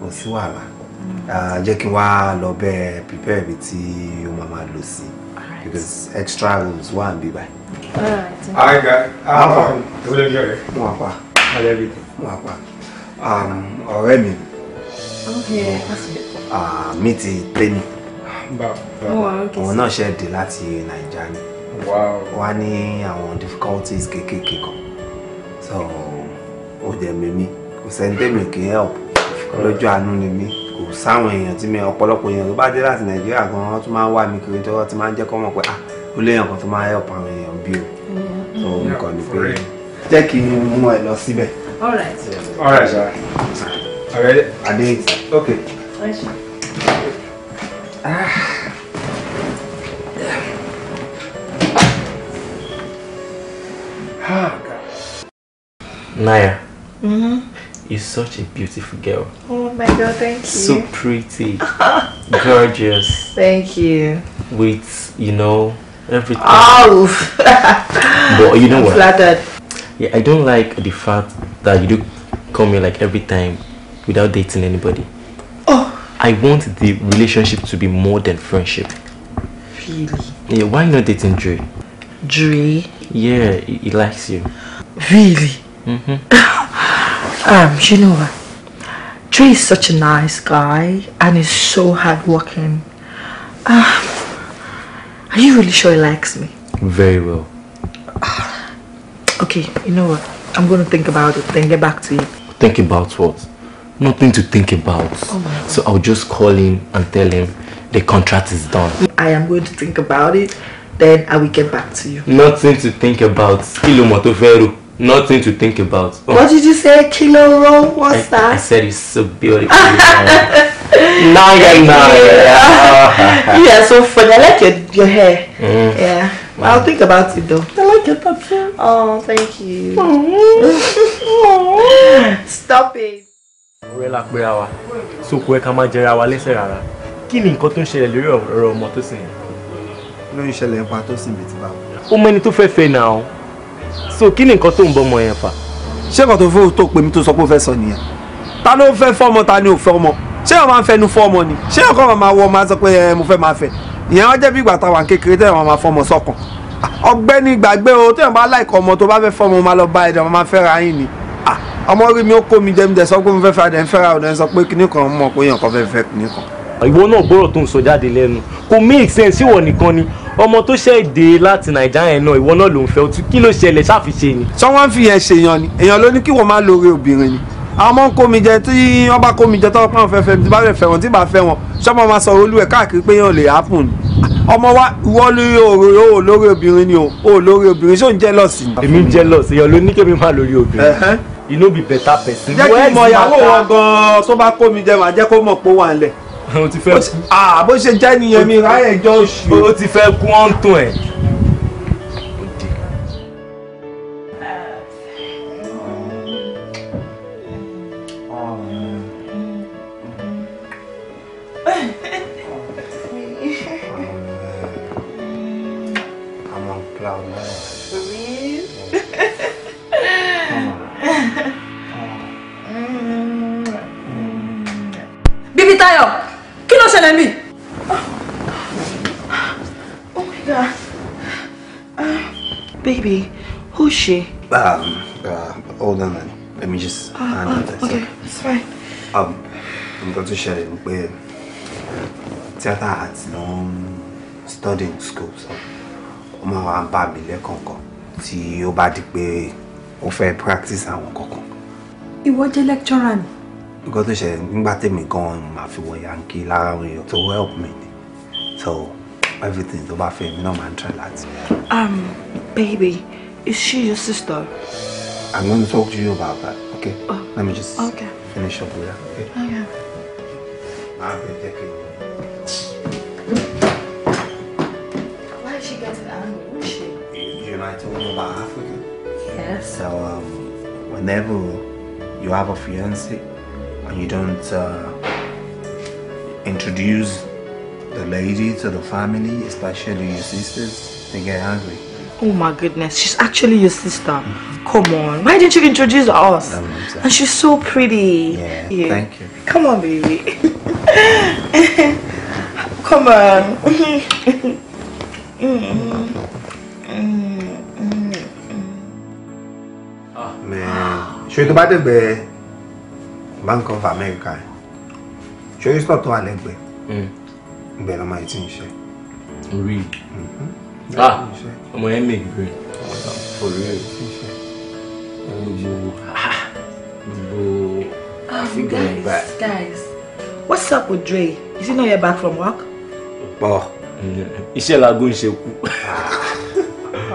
Speaker 9: kò sí wàhálà. Ah, jẹ́ kí n wá lọ bẹ prepare ibi tí o máa máa lò sí because extra rooms wà ń bí báyìí.
Speaker 6: Hi guy, how are
Speaker 7: you? Ewu lórí ọ̀rẹ́. Mo wà pa. How are you? Mo wà pa. Um,
Speaker 9: ọ̀rẹ́ mi.
Speaker 6: Okay, ah,
Speaker 9: mi ti tẹ́ni. Òun náà ṣe dé láti Nàìjíríà ni. Wá ní àwọn difficulties kéékèèké kan. So, ó jẹ́ mímí. Kò sẹ́ni tẹ́mi kì í help. Lójú àánú ni mí kò sáwọn èèyàn tí mi ọ̀pọ̀lọpọ̀ èèyàn tó bá dé láti nàìjíríà gan wọ́n tún máa ń wá mi kiri tó ti máa ń jẹ́ kọ́ mọ̀ pé ah ó léèyàn kan tó máa ń help àwọn èèyàn bí o mm-hmm. so nǹkan ni pé jẹ́ kí n mú ẹ lọ síbẹ̀. all right. all right
Speaker 7: all right. adé okay.
Speaker 8: Ah. Naya, mm-hmm. you're such a beautiful girl.
Speaker 3: Oh, my god, thank you. So
Speaker 8: pretty. Gorgeous.
Speaker 3: *laughs* Thank
Speaker 6: you.
Speaker 8: With, you know, everything. Oh! *laughs* but you know I'm what? flattered. Yeah, I don't like the fact that you do call me like every time without dating anybody. Oh! I want the relationship to be more than friendship. Really? Yeah, why not dating Dre? Dre? Yeah, he, he likes you.
Speaker 3: Really? Mm-hmm. *laughs* um, you know what? Tree is such a nice guy and he's so hardworking. Uh, are you really sure he likes me?
Speaker 8: Very well.
Speaker 3: Okay, you know what? I'm gonna think about it, then get back to you.
Speaker 8: Think about what? Nothing to think about. Oh so I'll just call him and tell him the contract is done.
Speaker 3: I am going to think about it, then I will get back to you.
Speaker 8: Nothing to think about. Nothing to think about. Oh. What did
Speaker 3: you say? Kilo roll? What's I, that? I
Speaker 8: said it's so beautiful.
Speaker 3: now you're now. Yeah,
Speaker 9: so funny. I like your, your hair. Mm. Yeah. I'll think about it though.
Speaker 3: I like your perfume. Oh, thank you. *laughs* Stop it.
Speaker 8: ọ̀rẹ́ la pera wa sóko ẹ ká má jẹra wa lẹ́sẹ̀ rárá kí ni nǹkan tó ń ṣẹlẹ̀ lórí ọ̀rọ̀ ọmọ
Speaker 9: tó sìn yẹn. ló ń ṣẹlẹ̀ tó sìn bìtìbà.
Speaker 8: ó mọ tó fẹ́ fẹ́ náà
Speaker 9: so kí ni nǹkan tó ń bọ ọmọ yẹn fà. ṣé nǹkan tó fẹ́ tó pè mí tó sọ pé ó fẹ́ sọ nìyẹn ta ló fẹ́ fọ́mọ ta ni ò fẹ́ ọmọ ṣé wọn máa ń fẹnu fọ́mọ ni ṣé ọkọ máa wọ máa sọ pé mo fẹ́ máa fẹ́ ìyẹn wọn jẹ́ bí ìgbà táwa kékeré tẹ́lẹ̀ wọn máa fọ́mọ sọ́kàn ọgbẹ́ni gbàgbé o tẹ́lẹ̀ bá láìkọ́ ọmọ tó bá fẹ́ fọ́mọ máa lọ bá ẹ̀dọ̀ máa fẹ́ ra yín ni ọmọ rí mi ó kó mi jẹ́mi dẹ̀ sọ pé mo fẹ́ fẹ́ ra fẹ́ra ọ̀dọ̀ sọ pé kinní kan mọ̀ pé èèyàn kan fẹ́ fẹ́ kinní kan. ìwọ náà gbọ́rọ̀ tó ń sọ jáde lẹ́nu kò
Speaker 8: make sense ìwọ nìkan ni ọmọ tó ṣẹ̀ dé láti nàìjà yẹn náà ìwọ náà ló ń fẹ́ kí ló ṣẹlẹ̀
Speaker 9: ṣàfiṣe ni. sọ́wọ́n fi yẹn ṣèyàn ni èèyàn ló ní kí wọ́n má lóore obìnrin ni àwọn ọmọ ń kó mi jẹ tí wọ́n bá kó mi jẹ tọ́wọ́ pé wọ́n tí bá fẹ́ fẹ́ wọn tí bá fẹ́ wọn sọ́mọ máa sọ olú ẹ̀ káàkiri pé yẹn ò lè hápùn ni ọmọ wa ìwọ lórí òòrè o lórí obìnrin ni o o lórí obìnrin ṣó ń jealous ni. èmi jealous èèyàn ló ní kémi máa lórí obìnrin you no be better person. jẹ́ kí n mọ ìyàwó wọn gan-an tó bá kó mi jẹ màá jẹ́ kó mọ̀ pé ó wà ń lẹ̀ o ti fẹ́ kú. Ah, bó ṣe jẹ́ nìyẹn mi ráyè jọ ṣù. o ti fẹ́ kú ọ̀ǹtún ẹ̀.
Speaker 3: ṣẹlẹ̀ mi. oh my god uh, baby who's she.
Speaker 9: Um, uh, hold on then. let me just uh, handle uh, this. okay it's fine. Um, I'm going to share it with. arts at long studying school so ọmọ wa ń bá mi lẹ́kọ̀ọ̀kan tí ó bá di pé ó fẹ́ practice àwọn kankan.
Speaker 3: ìwọ lecturer ni.
Speaker 9: nǹkan tó say nígbà me going mà fi wọ yankee lára àwọn tó help me so everything tó bá fẹ́ mi náà máa ń try láti.
Speaker 3: um baby is she your sister.
Speaker 9: I'm going to talk to you about that okay oh, let me just okay. finish up with that okay. okay. I'll be taking you. Why did she get to that angle? Who is she? You and I talking about Africa? Yes. So um, whenever you have a fiancé and you don't uh, introduce the lady to the family, especially your sisters, they get angry.
Speaker 3: Oh my goodness, she's actually your sister. Come on, why didn't you introduce us? And she's so pretty. Yeah, yeah. thank you. Come on, baby. *laughs* Come on.
Speaker 6: *laughs*
Speaker 9: Ah, man, should we go back to bed? Bank of America ṣorí stọ̀ tó wà lẹ́gbẹ̀ẹ́ hmm. ibẹ̀ lọ́mọ yìí ti ń ṣe. orí mm-hmm. ah ọmọ yẹn make brain orí ẹ̀ ti ń ṣe gbogbo ah, gbogbo àfihàn ah, ìgbà.
Speaker 3: guys what's up with Dre is he not yet back from work.
Speaker 9: pọ mm, iṣẹ́ lagun ṣe kú. *laughs*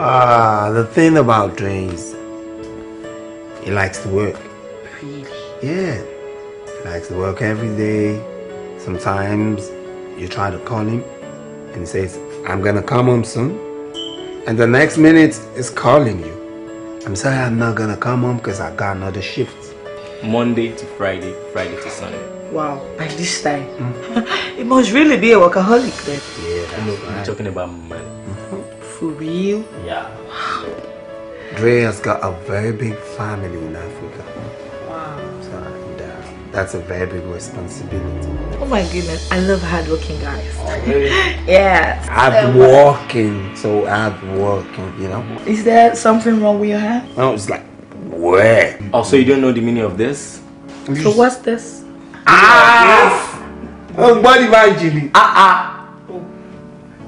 Speaker 9: Ah, the thing about Dre is he likes to work. Really? Yeah. likes to work every day. Sometimes you try to call him and he says, I'm going to come home soon. And the next minute is calling you. I'm sorry I'm not going to come home because I got another shift. Monday to Friday, Friday to Sunday.
Speaker 3: Wow, by this time. Mm. *laughs* it must really be a workaholic then.
Speaker 8: Yeah,
Speaker 9: I'm talking about money. *laughs* For real?
Speaker 6: Yeah. Wow.
Speaker 9: Dre has got a very big family in Africa that's a very big responsibility. Oh my goodness, I love hardworking guys. Oh, *laughs* really?
Speaker 3: yeah. I've been um,
Speaker 9: working, so I've been working, you know.
Speaker 3: Is there something wrong with your
Speaker 9: hair?
Speaker 8: No, it's like, where? Oh, so you don't know the meaning of this?
Speaker 9: So what's this? Ah! Oh, body imagine. Ah ah.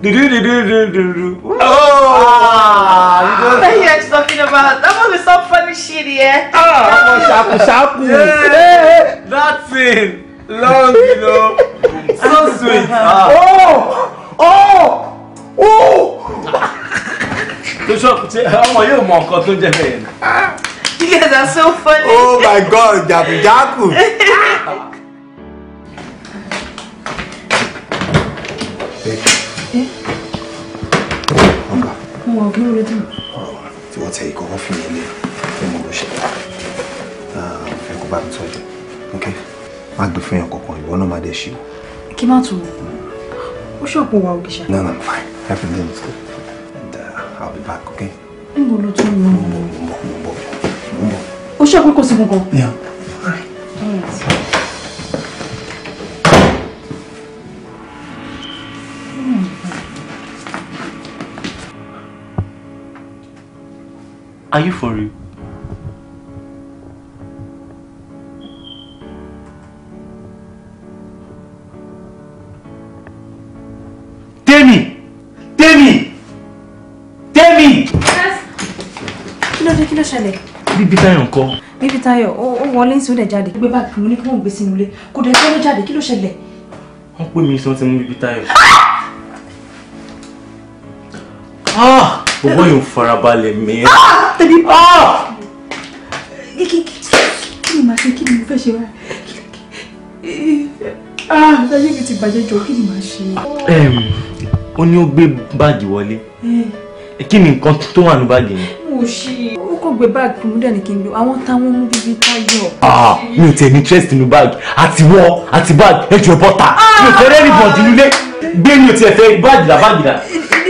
Speaker 9: Do do do do do do. Oh! Ah, you know. What are
Speaker 8: you talking about? some funny shit here. Ah, ọmọ ṣàkù Yeah, that's it. long you know so sweet. Ah.
Speaker 6: oh
Speaker 8: oh oh. tó sọ ọmọ yóò mọ nǹkan tó
Speaker 1: jẹ
Speaker 9: bẹ́ẹ̀ ni. you guys are so funny. oh my god jàkùjàkù. Hey. Hey. Ọ̀gá. Mo wà ọ̀gbìn tí wọ́n tẹ ìkọ́kọ́ fún mi lé fún mi ló ṣe fẹ́ kó bá mi tọ́jú ok má gbé fún yàn kankan ìwọ náà má dẹ̀ ṣe o.
Speaker 3: kí má tún ó ṣọ̀pọ̀ wa òkè ṣá. no no
Speaker 9: i'm fine everything is good and uh, i'll be back ok.
Speaker 3: n bò ló tún lọ. mo ń bọ̀ mo ń bọ̀
Speaker 9: mo
Speaker 6: ń bọ̀.
Speaker 3: ṣọ̀pọ̀ kò sí kankan. yeah. all right.
Speaker 8: Are you for real?
Speaker 9: Demi? Demi? Demi? Yes.
Speaker 3: Kí ló dé kí ló ṣẹlẹ̀?
Speaker 8: Bíbí Táyọ̀ ń kọ́.
Speaker 3: Bíbí Táyọ̀ ó wọlé sí ó dẹ̀ jáde. Gbé báàgì kìlú ní kí wọ́n gbé sínú ilé. Kò dẹ̀ tó ló jáde kí ló ṣẹlẹ̀?
Speaker 8: Wọ́n pè mí sọ́n ti mú Bíbí Táyọ̀. Ah! ah! owó yóò farabalẹ̀ mẹ́. Ah!
Speaker 3: Ah! tẹ̀lé ah! kí ni màá ṣe kí ni mo fẹ́ ṣe wá ayé mi ti bàjẹ́ jọ kí ni màá ṣe.
Speaker 8: ó ní ó gbé báàgì wọlé
Speaker 3: eh.
Speaker 8: kí ni nǹkan tó wà ní báàgì yẹn.
Speaker 3: mo ṣe ó kò gbé báàgì fún múdà ní kí n lo àwọn táwọn mú bíbí táyọ.
Speaker 8: mi ò tẹ̀ ní interest nínú báàgì àti wọ́ àti báàgì ẹ̀jọ̀ bọ́tà mi ò fẹ́ rẹ́rìn bọ̀dì nílé gbé mi ò tiẹ̀ fẹ́ báàgì
Speaker 3: là báàgì là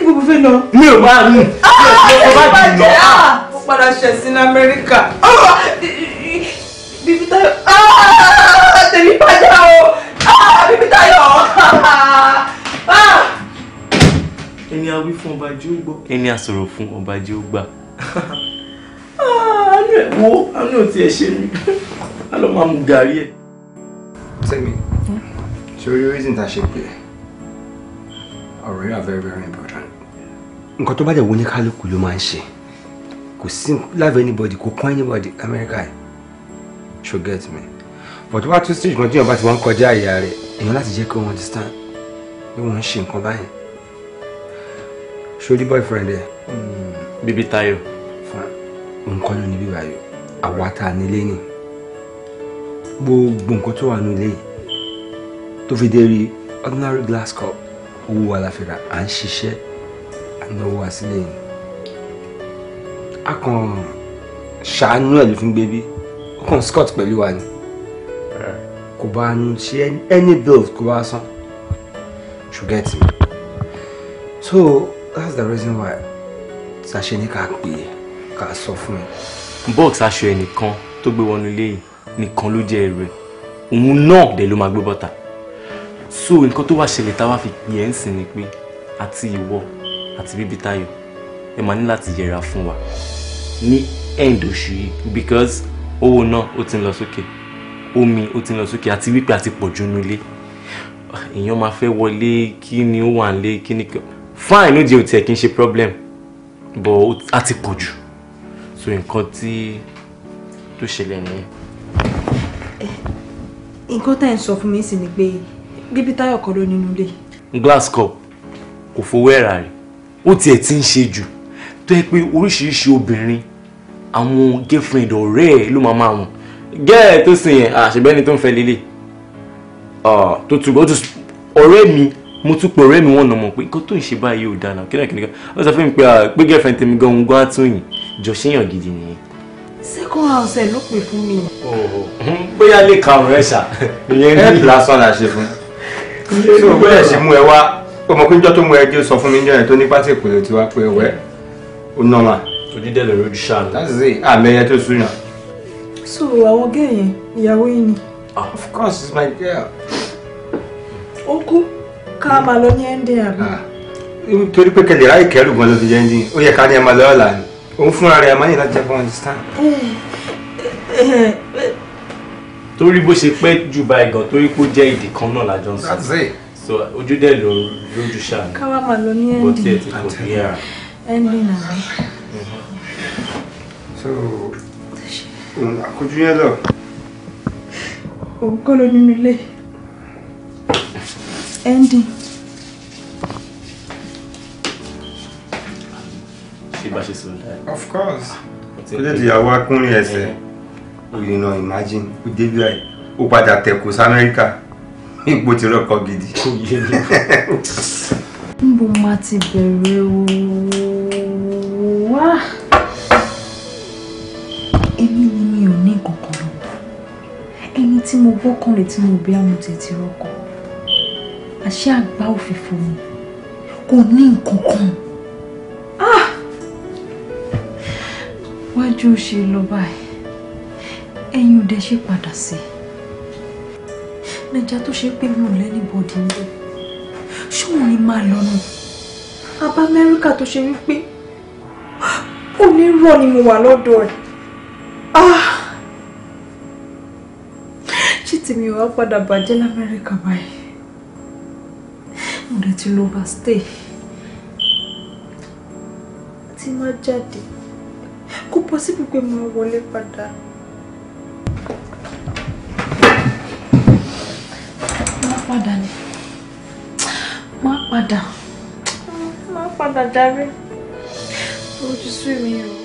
Speaker 3: níbo mo fẹ́ lọ. mi ò máa rìn. ó bá jù ah, lọ. ó ah. padà ṣẹ̀ sí ní amẹ́ríkà. Ah. bíbí tayo
Speaker 7: tèmi bàjẹ́ o bíbí tayo.
Speaker 8: ẹni a wí fún ọba jí ó gbọ́. ẹni a sọ̀rọ̀ fún ọba jí ó gbà. àánú ẹ̀ wo àánú ò tiẹ̀ ṣe mí a lọ máa mu gàrí ẹ̀.
Speaker 7: Tell me, so your reason that she play? Or you are very, very important nǹkan tó bá dẹ̀ wo ní kálukú ló máa ń ṣe kò sí láàbẹ̀ anybody kò kọ́ anybody America. yìí ṣó get me but wá tún stage kan tí èèyàn bá ti wọ́n kọjá ìyá rẹ̀ èèyàn láti jẹ́ kí wọ́n understand bí wọ́n ń ṣe nǹkan báyìí ṣorí boyfriend ẹ̀. Hmm, bíbí Táyọ̀. nǹkan ló ní bíbá yìí àwa tá a nílé ni gbogbo nǹkan tó wà nílé yìí tó fi dé rí ordinary glass cup owó wa la fi rà à ń ṣiṣẹ́ àgbẹ̀wò wá sílẹ̀ yìí a kàn ṣàánú ẹ̀ ló fi ó kàn scott pẹ̀lú wa ni kò bá ṣe any bills kò bá san ṣùgbọ́n ti so that's the reason why ṣàṣe ní ká pè é ká sọ fún
Speaker 8: ẹ. box aṣọ ẹnìkan tó gbé wọnú ilé yìí nìkan ló jẹ́ ẹrù ẹ̀ òun náà dẹ̀ ló máa gbé bọ́ta so nǹkan tó wá ṣẹlẹ̀ tá fi pè é ń sìn ni pé àti ìwọ àti bíbí Táyọ̀ ẹ máa ní láti yẹra fún wa ní end oṣù yìí because owó náà ó ti ń lọ sókè omi ó ti ń lọ sókè àti wípé àti pọ̀jù nínú ilé èèyàn máa fẹ́ wọlé kí ni ó wà nílé kí ni fine ó di òtí ẹ̀ kí n ṣe problem but a ti pọ̀jù so nǹkan tí tó ṣẹlẹ̀ nìyẹn.
Speaker 3: Eh, nǹkan tá ẹ̀ ń sọ fún mi sì ni pé bíbí Táyọ̀ kọ́ ló nínú ilé.
Speaker 8: glass cup kò fowó ẹ̀ rà rí ó tiẹ̀ ti ń ṣe jù tó yẹ pé oríṣiríṣi obìnrin àwọn girlfriend ọ̀rẹ́ ẹ̀ ló máa máa wọn gẹ́ẹ̀ tó sìn yẹn àṣebẹ́ni tó ń fẹ́ lélẹ̀ tó tún ọ̀rẹ́ mi mo tún pè ọ̀rẹ́ mi wọ́n nà mọ̀ pé nǹkan tó ń ṣe báyìí ò dáná kílẹ̀ kílẹ̀ ó sọ fún mi pé girlfriend tèmi gan ogun àtúnyìn jọ ṣéyàn gidi
Speaker 7: nìyẹn.
Speaker 3: second house ẹ ló pè fún mi.
Speaker 7: Hmm, bóyá lè karùn-ún ẹ̀ ṣá. *laughs* ẹ̀ lásán la ṣe fún.
Speaker 6: ṣé o gbọ́dọ̀ ṣe
Speaker 7: mú ẹ wá ọmọ pé njọ́ tó mú ẹjẹ́ sọ fún mi njọ́ yẹn tó ní pátì pèrè tí wàá pé wẹ́ ó ná mà. onídẹ̀lẹ̀ lójú ṣáà. láti ṣe àmẹ́yẹ tó sún yàn.
Speaker 3: so àwọn gẹ́yìn ìyàwó yìí ni.
Speaker 7: Ah, of course it's my girl.
Speaker 3: ó kú ká máa lọ ní ẹ́ndín àbí. Ah,
Speaker 7: torí pé kẹlẹ̀ ráì kẹ́rù gan ló fi jẹ́ ẹ́ndín ó yẹ ká ní ẹ máa lọ ọ̀la ni òun fúnra rẹ̀ máa ní láti jẹ́ fún understand.
Speaker 6: Eh, eh, eh,
Speaker 7: torí bó ṣe pẹ́ jù
Speaker 8: báyìí gan torí kó jẹ́ ìdí kan náà lájọ ń sọ so ojú dẹ̀ ló lójú ṣáà.
Speaker 3: káwá máa lọ ní ending ending àbí.
Speaker 7: so mm, àkójú yẹn lọ.
Speaker 3: òun kọ́ ló nínú ilé ending.
Speaker 7: Of course. Kó tètè ìyàwó akúnrin ẹsẹ̀. Eh. You know, imagine. Ó débi àyè. Ó padà tẹ̀kù sí Amẹ́ríkà ipò ti rọkọ gidi. níbo
Speaker 3: máa ti bẹ̀rẹ̀ wá èmi ni mi ò ní kankan lọ ẹni tí mo gbọ́kàn lé tí mo bí àmọ̀tẹ̀ ti rọkọ àṣé àgbá òfìfo mi kò ní nǹkan kan ah! wájú ṣe lọ báyìí ẹ̀yin ò dẹ̀ ṣe padà sí i nàìjà tó ṣe pé mi ò lẹ́nìbọ̀dì ń bẹ̀ ṣóun ni máa lọ́nà abá amẹ́ríkà tó ṣe wípé ó ní rọ ni mo wà lọ́dọ̀ ẹ̀ ah! ṣé tèmi wàá padà bàjẹ́ lamẹ́ríkà báyìí mo dẹ̀ ti lọ bá stay má jáde kò pọ̀ síbi pé mo wọlé padà. padà ni má padà má padà darí ojú sú mi o.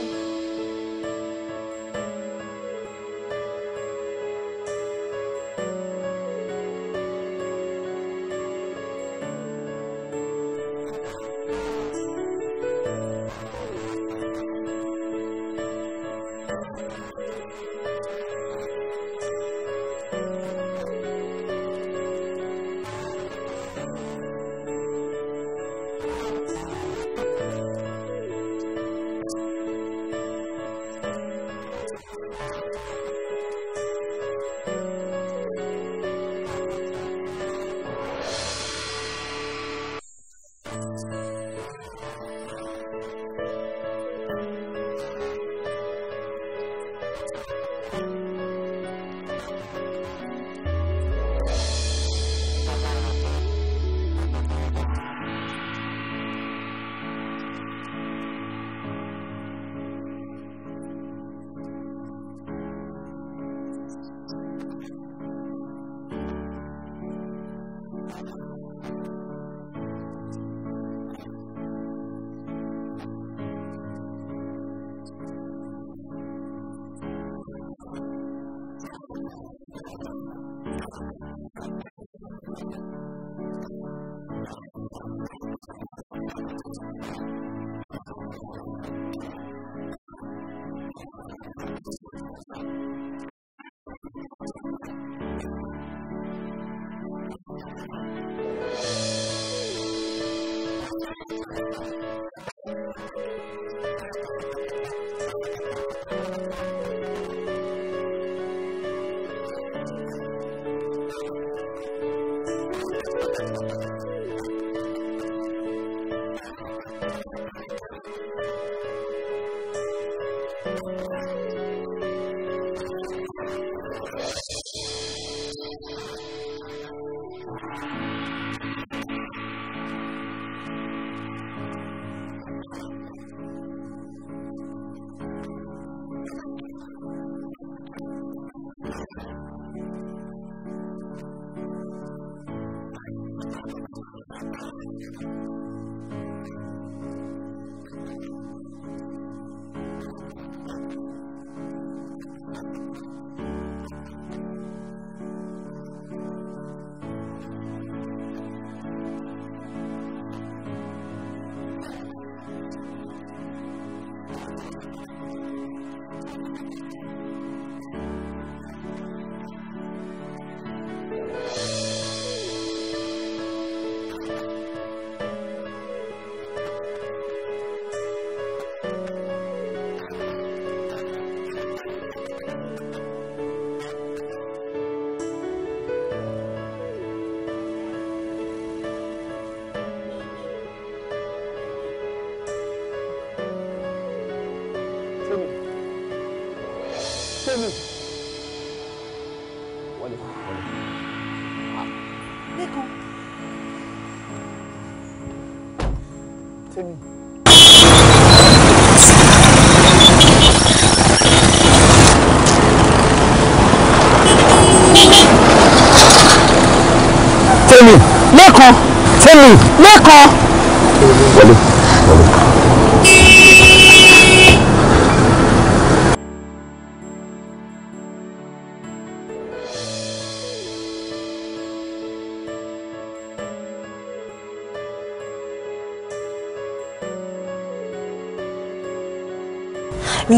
Speaker 6: Thank you. kan. wọlé wọlé.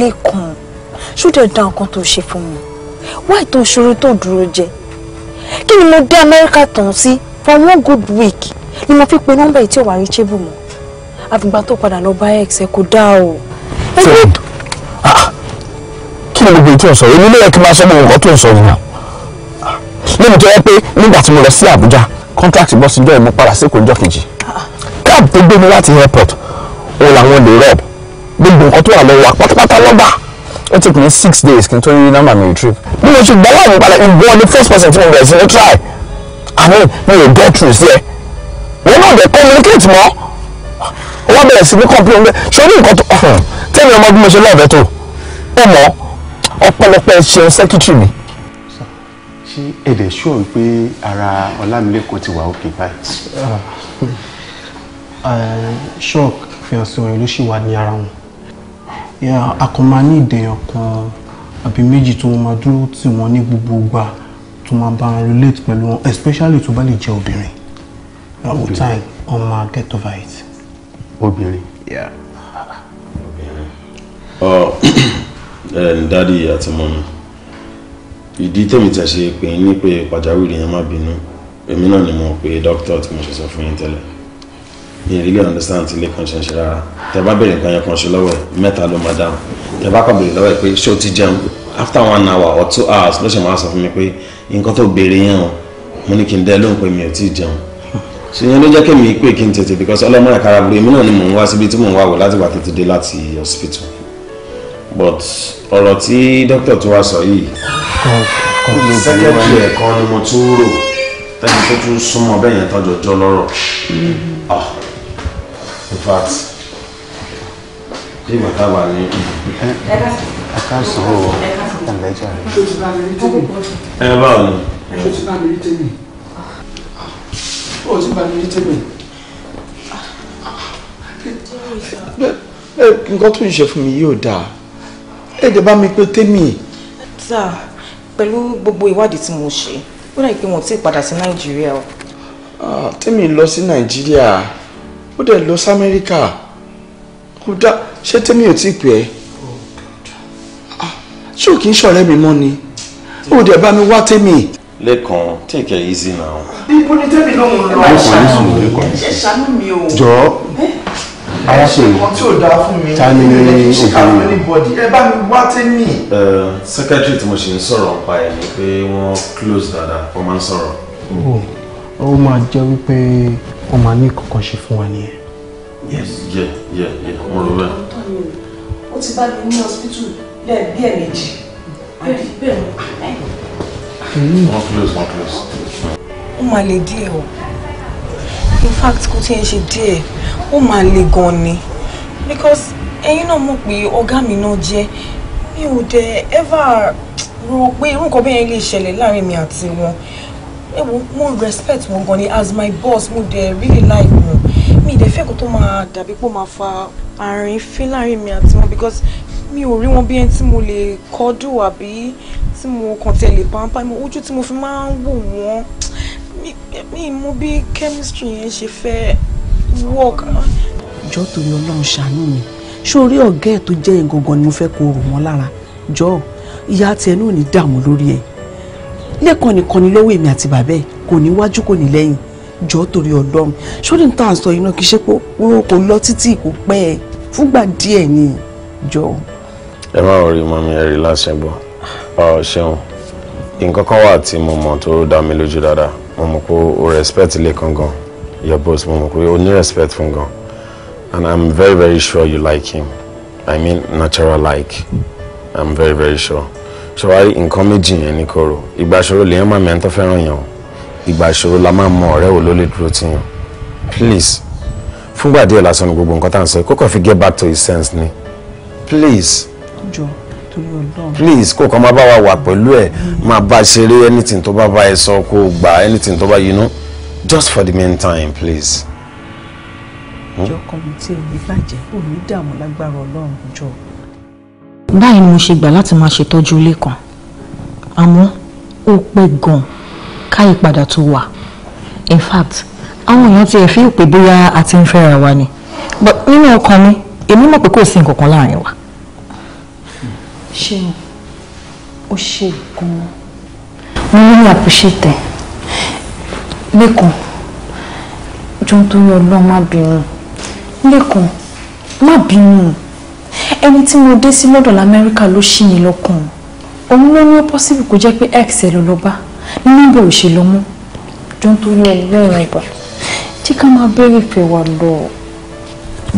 Speaker 3: lẹ́kùn ṣúdẹ̀ dá nǹkan tó ṣe fún mi wáì tó ṣòro tó dúró jẹ kí ni mo dé amẹ́ríkà tán sí for one good week ni mo fi pe nọ́mbà yìí tí ò wá rí chébù mọ́ àfìgbà tó padà lọ bá ex ẹ kò dáa o. Ah,
Speaker 1: ah. kí ni gbogbo ètò ọ̀sọ̀ yìí nílé ẹ̀kí máa sọ gbogbo nǹkan tó ń sọ yìí náà lẹ́nu tó yẹ pé nígbà tí mo lọ sí Àbújá kọ́ńtrákì bọ́ sí jọ́ ìmú padà sí ìkójọ́ kejì cab tó gbé mi láti airport òun làwọn lè rọ̀ gbogbo nǹkan tó wà lọ́wọ́ pátápátá lọ́gbà ó ti pín six days kí n tó rí nọ́mbà mi retrieve bí mo ṣe gbọ́ láwọn padà ìwọ ni first person tí mo bẹ̀rẹ̀ sí ní try I mean mi ò get through sí ẹ wọn náà dẹ̀ communicate mọ́ wọn bẹ̀rẹ̀ sí ní complain bẹ́ẹ̀ ṣé o ní nǹkan tó hmm. tẹ́lẹ̀ ọmọ bí mo ṣe lọ́ọ̀bẹ tó ó mọ ọ̀pọ̀lọpọ̀ ṣe secretary mi. ṣé èdè ṣó wípé ara ọlámilẹ́kọ̀ọ́ ti wà òkè báyìí.
Speaker 9: Ah, shock fi hàn sí wọn ló ṣì wà ní ara wọn akọ̀mọ́ ní ìdèyàn kan àbí méjì tó máa dúró tì wọ́n ní gbogbo ìgbà tó máa bá wọn relate pẹ̀lú wọn especially tó bá lè jẹ́ obìnrin long time on ma get over it.
Speaker 2: obìnrin. Yeah. Uh, oh, and *clears throat* um, daddy àti mọ́mi ìdí tèmi tẹ̀ ṣe pé ní pé pàjáwìrì yẹn má bínú èmi náà ni mo pe doctor tí mo ṣe sọ fún yín tẹ́lẹ̀ mi really understand ti ilé kan ṣe ń ṣe rárá tẹ́ bá béèrè nǹkan yẹn kan ṣe lọ́wọ́ ẹ̀ mẹ́ta ló máa dáhùn tẹ́ bá kàn béèrè lọ́wọ́ ti jẹun after one hour or two hours ló ṣe máa sọ fún mi pé nǹkan tó béèrè yẹn o mo ní kí n dẹ́ lóhùn mi ò tí ì ṣe yẹn ló jẹ́ kí mi pé kí n tètè because ọlọ́mọ ẹ̀ka ara gbé mi náà ni mò ń wá síbi tí mò ń wá wò láti wà tètè dé láti hospital but ọ̀rọ̀ tí dókítà tó wá sọ yìí sẹ́kẹ̀tì ẹ̀kọ́ ni mo tún rò tẹ́ni tó tún súnmọ́ bẹ́ẹ̀ yẹn tọ́jọ́ jọ lọ́rọ̀ in fact bí bàtà wà ní. ẹ ká sọ ọ ẹ lẹjà rẹ. ẹ báwo ni
Speaker 1: ó ti bá mi ní tèmi. nǹkan tó ń ṣe fún mi yóò dáa ẹ dẹ̀ bá mi pé tèmi. sà pẹ̀lú gbogbo ìwádìí tí mo ṣe ó dà pé wọn ti padà sí nàìjíríà o. tèmi lọ sí nàìjíríà ó dẹ̀ lọ sí amẹ́ríkà kò dá ṣé tèmi ò tí ì pè é oh, ah, ṣé ò kì í ṣọ̀rẹ́ mi mọ́ ni ó dẹ̀ bá mi wá tèmi
Speaker 2: lẹ́kan take it easy now.
Speaker 1: ibo ni tẹ́bi ló ń lọ ẹ̀ṣánú mi ẹ̀ṣánú mi o. jọ
Speaker 2: ara ṣe nǹkan tí ò dáa fún mi ta ni obìnrin
Speaker 1: ẹ bá mi wá tẹ́mì.
Speaker 2: secretary tí mo ṣe ń sọ̀rọ̀ nípa ẹ̀ ni pé wọ́n close dáadáa wọ́n máa ń sọ̀rọ̀.
Speaker 1: Oh, ó máa jẹ́ wípé wọ́n máa ní kankan ṣe fún wa nìyẹn. yes
Speaker 2: yeah yeah yeah mo rò bẹ́ẹ̀. ó ti bá mi ní hospital lẹ́ẹ̀bí ẹ̀ méjì.
Speaker 6: bẹ́ẹ̀ bẹ́ẹ̀ wọ́n close wọ́n close.
Speaker 3: ó máa le díẹ̀ o in fact kò tí ń ṣe díẹ̀ ó máa le gan ni because ẹ̀yin náà mọ̀ pé ọ̀gá mi náà jẹ́ mi ò dẹ̀ ever rò pé irú nǹkan bẹ́ẹ̀ lè ṣẹlẹ̀ láàrin mi àti wọn mo respect wọn gan ni as my boss mo dẹ̀ really like wọn mi dẹ̀ fẹ́ kó tó máa dàbí pé ó máa fa àárín fín láàrin mi àti wọn because mi ò rí wọn bí ẹni tí mo lè kọdù àbí tí mo kàn tẹ̀lé pàmpá mi ojú tí mo fi máa ń wò wọ́n mi mú bí chemistry yẹn ṣe fẹ́ work. jọ́ torí ọlọ́run ṣàánú mi ṣé orí ọ̀gá ẹ̀ tó jẹ́ ìgangan ni mo fẹ́ kó rò wọ́n lára jọ ìyá tiẹ̀ náà ní dààmú lórí ẹ̀ lẹ́ẹ̀kan nìkan ni lọ́wọ́ èmi àti bàbá ẹ̀ kò ní wájú kò ní lẹ́yìn jọ torí ọlọ́run ṣórí ní tá à yìí náà kì í ṣe pé kò lọ títí kò pẹ́ ẹ fúngbà díẹ̀ ni jọ.
Speaker 2: ẹ má rí mọ́mí ẹ rí láṣẹ gbọ́ ọ ṣeun nǹkan kan wà tí mo mọ̀ tó dá mi lójú dáadáa mo mọ̀ pé o respect lè kan gan your boss mo mọ̀ pé o ní respect fún gan and i'm very very sure you like him i mean natural like i'm very very sure ṣọwárí nǹkan méjì yẹn ní koro ìgbà ìṣòro lèèyàn máa mẹ́ńtọ́ fẹ́ràn yàn ìgbà ìṣòro la máa mọ ọ̀rẹ́ wo ló lè dúró tì yàn please fúngbà díẹ̀ lásán ni gbogbo nǹkan tá à ń sọ kókò fi get back to his sense ni please. jọ̀ọ́ please kó kàn máa bá wa wà pẹ̀lú ẹ̀ máa bá ṣeré anything tó bá bá ẹ sọ kó gbà anything tó bá you know just for the meantime please. ìjọ
Speaker 3: kọ́mìtì èmi bàjẹ́ ò ní dààmú lágbára ọlọ́run jọ. báyìí ni mo ṣe gbà láti máa ṣètọ́jú ilé kan àmọ́ ó pẹ́ gan-an ká ìpadà tó wà in fact àwọn èèyàn ti ẹ̀ fi ìpè bóyá a ń fẹ́ra wa ni but nínú ọkàn mi èmi mọ̀ pé kò sí nǹkan kan láàrin wa ṣeun ó ṣe gan-an mo ní àpòṣètẹ̀ lẹ́kàn jọ ń torí ọlọ́run má bínú lẹ́kàn má bínú ẹni tí mo dé sí lọ́dọ̀ lamẹ́ríkà ló ṣì yín lọ́kàn òun ló ní ó pọ́sibù kó jẹ́ pé x ẹ̀ ló lọ bá nínú ìbò òṣèlú mú jọ ń torí ọlọ́run ẹ̀gbà tí ká máa bẹ̀rẹ̀ ìfẹ́ wa lọ.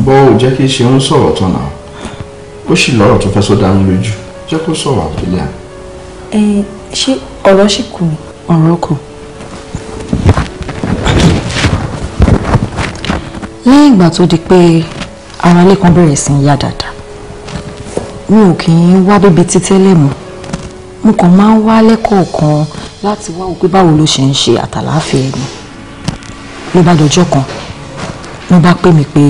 Speaker 1: bó o jẹ́ kí ṣeun sọ̀rọ̀ tán náà ó sì lọ́rọ̀ tó fẹ́ sọ́dá ń lójú jẹ́
Speaker 3: kó sọ̀rọ̀ àbílẹ̀. ẹ ṣé ọ̀rọ̀ ṣì kù ní ọ̀rọ̀ kan. lẹ́yìn ìgbà tó di pé ara lẹ́kan bẹ̀rẹ̀ sí í yá dáadáa mi ò kì í wá débi títẹ́lẹ̀ mọ́ mo kàn máa ń wá lẹ́kọ̀ọ̀kan láti wá òpé báwo ló ṣe ń ṣe àtàláfẹ́ ẹni ló bá dọjọ́ kan ló bá pè mí pé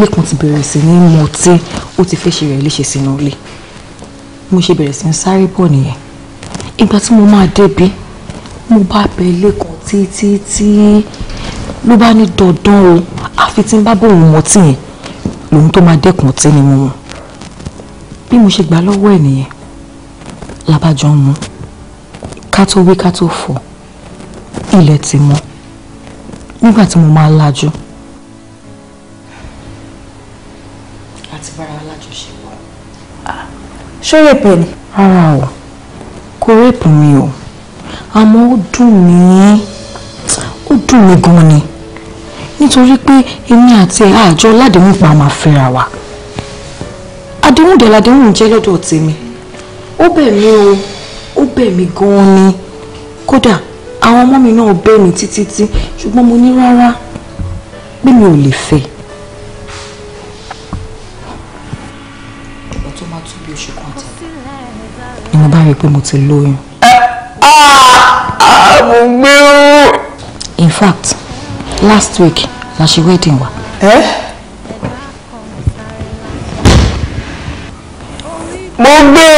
Speaker 3: lẹ́kan ti bẹ̀rẹ̀ sí ní mọtí ó ti fẹ́ ṣe rẹ̀ léṣe sínú ilé mo ṣe bẹ̀rẹ̀ sí ń sáré bọ̀ nìyẹn ìgbà tí mo máa débi mo bá bẹ lẹ́kọ̀ọ́ títí tí ló bá ní dandan o àfi tí ń bá bòun mọ́ tì yẹn lòun tó máa dẹ́kun tí ni mo mọ̀ bí mo ṣe gbà lọ́wọ́ ẹ̀ nìyẹn labájọ́ mu ká tó wí ká tó fọ̀ ilẹ̀ ti mọ́ nígbà tí mo máa lajú. ṣó rèpè ni. rárá o kò rèpè mi o àmọ́ ó dùn mí ó dùn mí gan ni nítorí pé èmi àti ẹ̀ àjọ ládéhùn pa máa fẹ́ra wa àdéhùn dẹ̀ ládéhùn jẹ́ lọ́dọ̀ tèmi ó bẹ̀ mí o ó bẹ̀ mí gan ni kódà àwọn ọmọ mi náà bẹ̀ mí títí tí ṣùgbọ́n mo ní rárá pé mi ò lè fẹ́ ẹ tó bí oṣù kan tẹ̀lé ni mo bá rí i pé mo ti lóyún. mo gbé o. in fact last week la ṣe wedding wa. mo gbé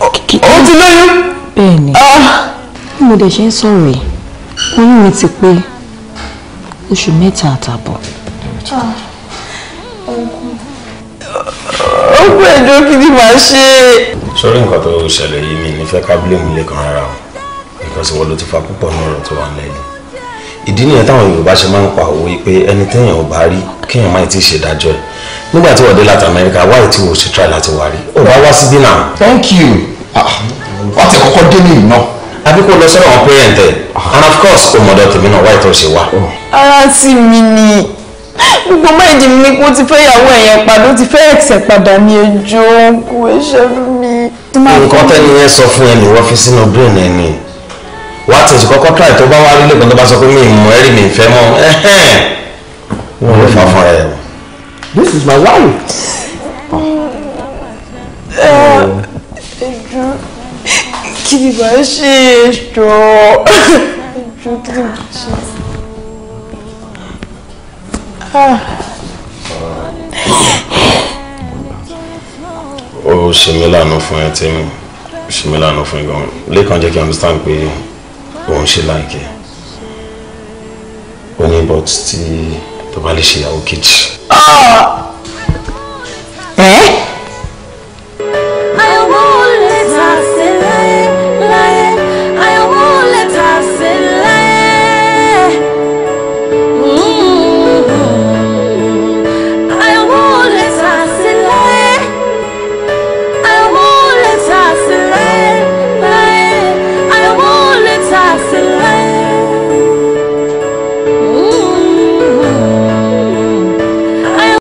Speaker 3: o o ti lóyún. bẹ́ẹ̀ni ah. bí mo dẹ̀ ṣe ń sọ̀rọ̀ yìí oyún mi ti pé oṣù mẹ́ta àtààbọ̀.
Speaker 6: Ah. ọkọ ẹjọ́ kí ni màá ṣe. sọ́rí
Speaker 2: nǹkan tó ṣẹlẹ̀ yìí mi nífẹ̀ẹ́ ká bílẹ̀mù lẹ́kàn rárá o because ìwọ ló ti fa púpọ̀ ní ọ̀rọ̀ tó wà lẹ́yìn ìdí nìyẹn táwọn Yorùbá ṣe máa ń pa òwe pé ẹni téèyàn ò bá rí kéèyàn má ti ṣèdájọ́ ẹ̀ nígbà tí wọ́n dé láti Amẹ́ríkà wáyé tí wọ́n ṣe try láti wá rí ò bá wá sí dínà. thank you ah, wọ́n ti kọ́kọ́ dé ní ìná. àbí kò
Speaker 6: lọ sọ́dọ̀ wọn pé ẹ̀
Speaker 2: ah. and of course kò mọ̀dọ̀ tèmi náà wáyé tó ṣe wá.
Speaker 3: ara ti gbogbo máìdì mi kó ti fẹ́ ìyàwó ẹ̀yẹn padà ó ti fẹ́ ẹ̀sẹ̀ padà ní ẹjọ́ kó ẹṣẹ́ mi.
Speaker 2: nǹkan tẹ́ni yẹn sọ fún ẹ lè fi sínú brain ẹ ni wà tẹ̀sí kọ́kọ́ tíráì tó bá wá rí lẹ́kọ̀ọ́ tó bá sọ pé mi ì mọ̀ ẹ́rì mi ì fẹ́ mọ́ wọn ló fà fún ẹ.
Speaker 1: this is my wife.
Speaker 3: ẹjọ́ kí ni màá ṣe é jọ ẹjọ́ kí
Speaker 6: ni màá ṣe é ó
Speaker 2: ṣe mí lànà fún ẹ tí ṣe mí lànà fún ẹ gan lẹ́kàn jẹ́ kí n understand pé òun ṣe láìkẹ́ ó ní but tí tó bá lè ṣe ìyàwó kejì.
Speaker 6: Ah!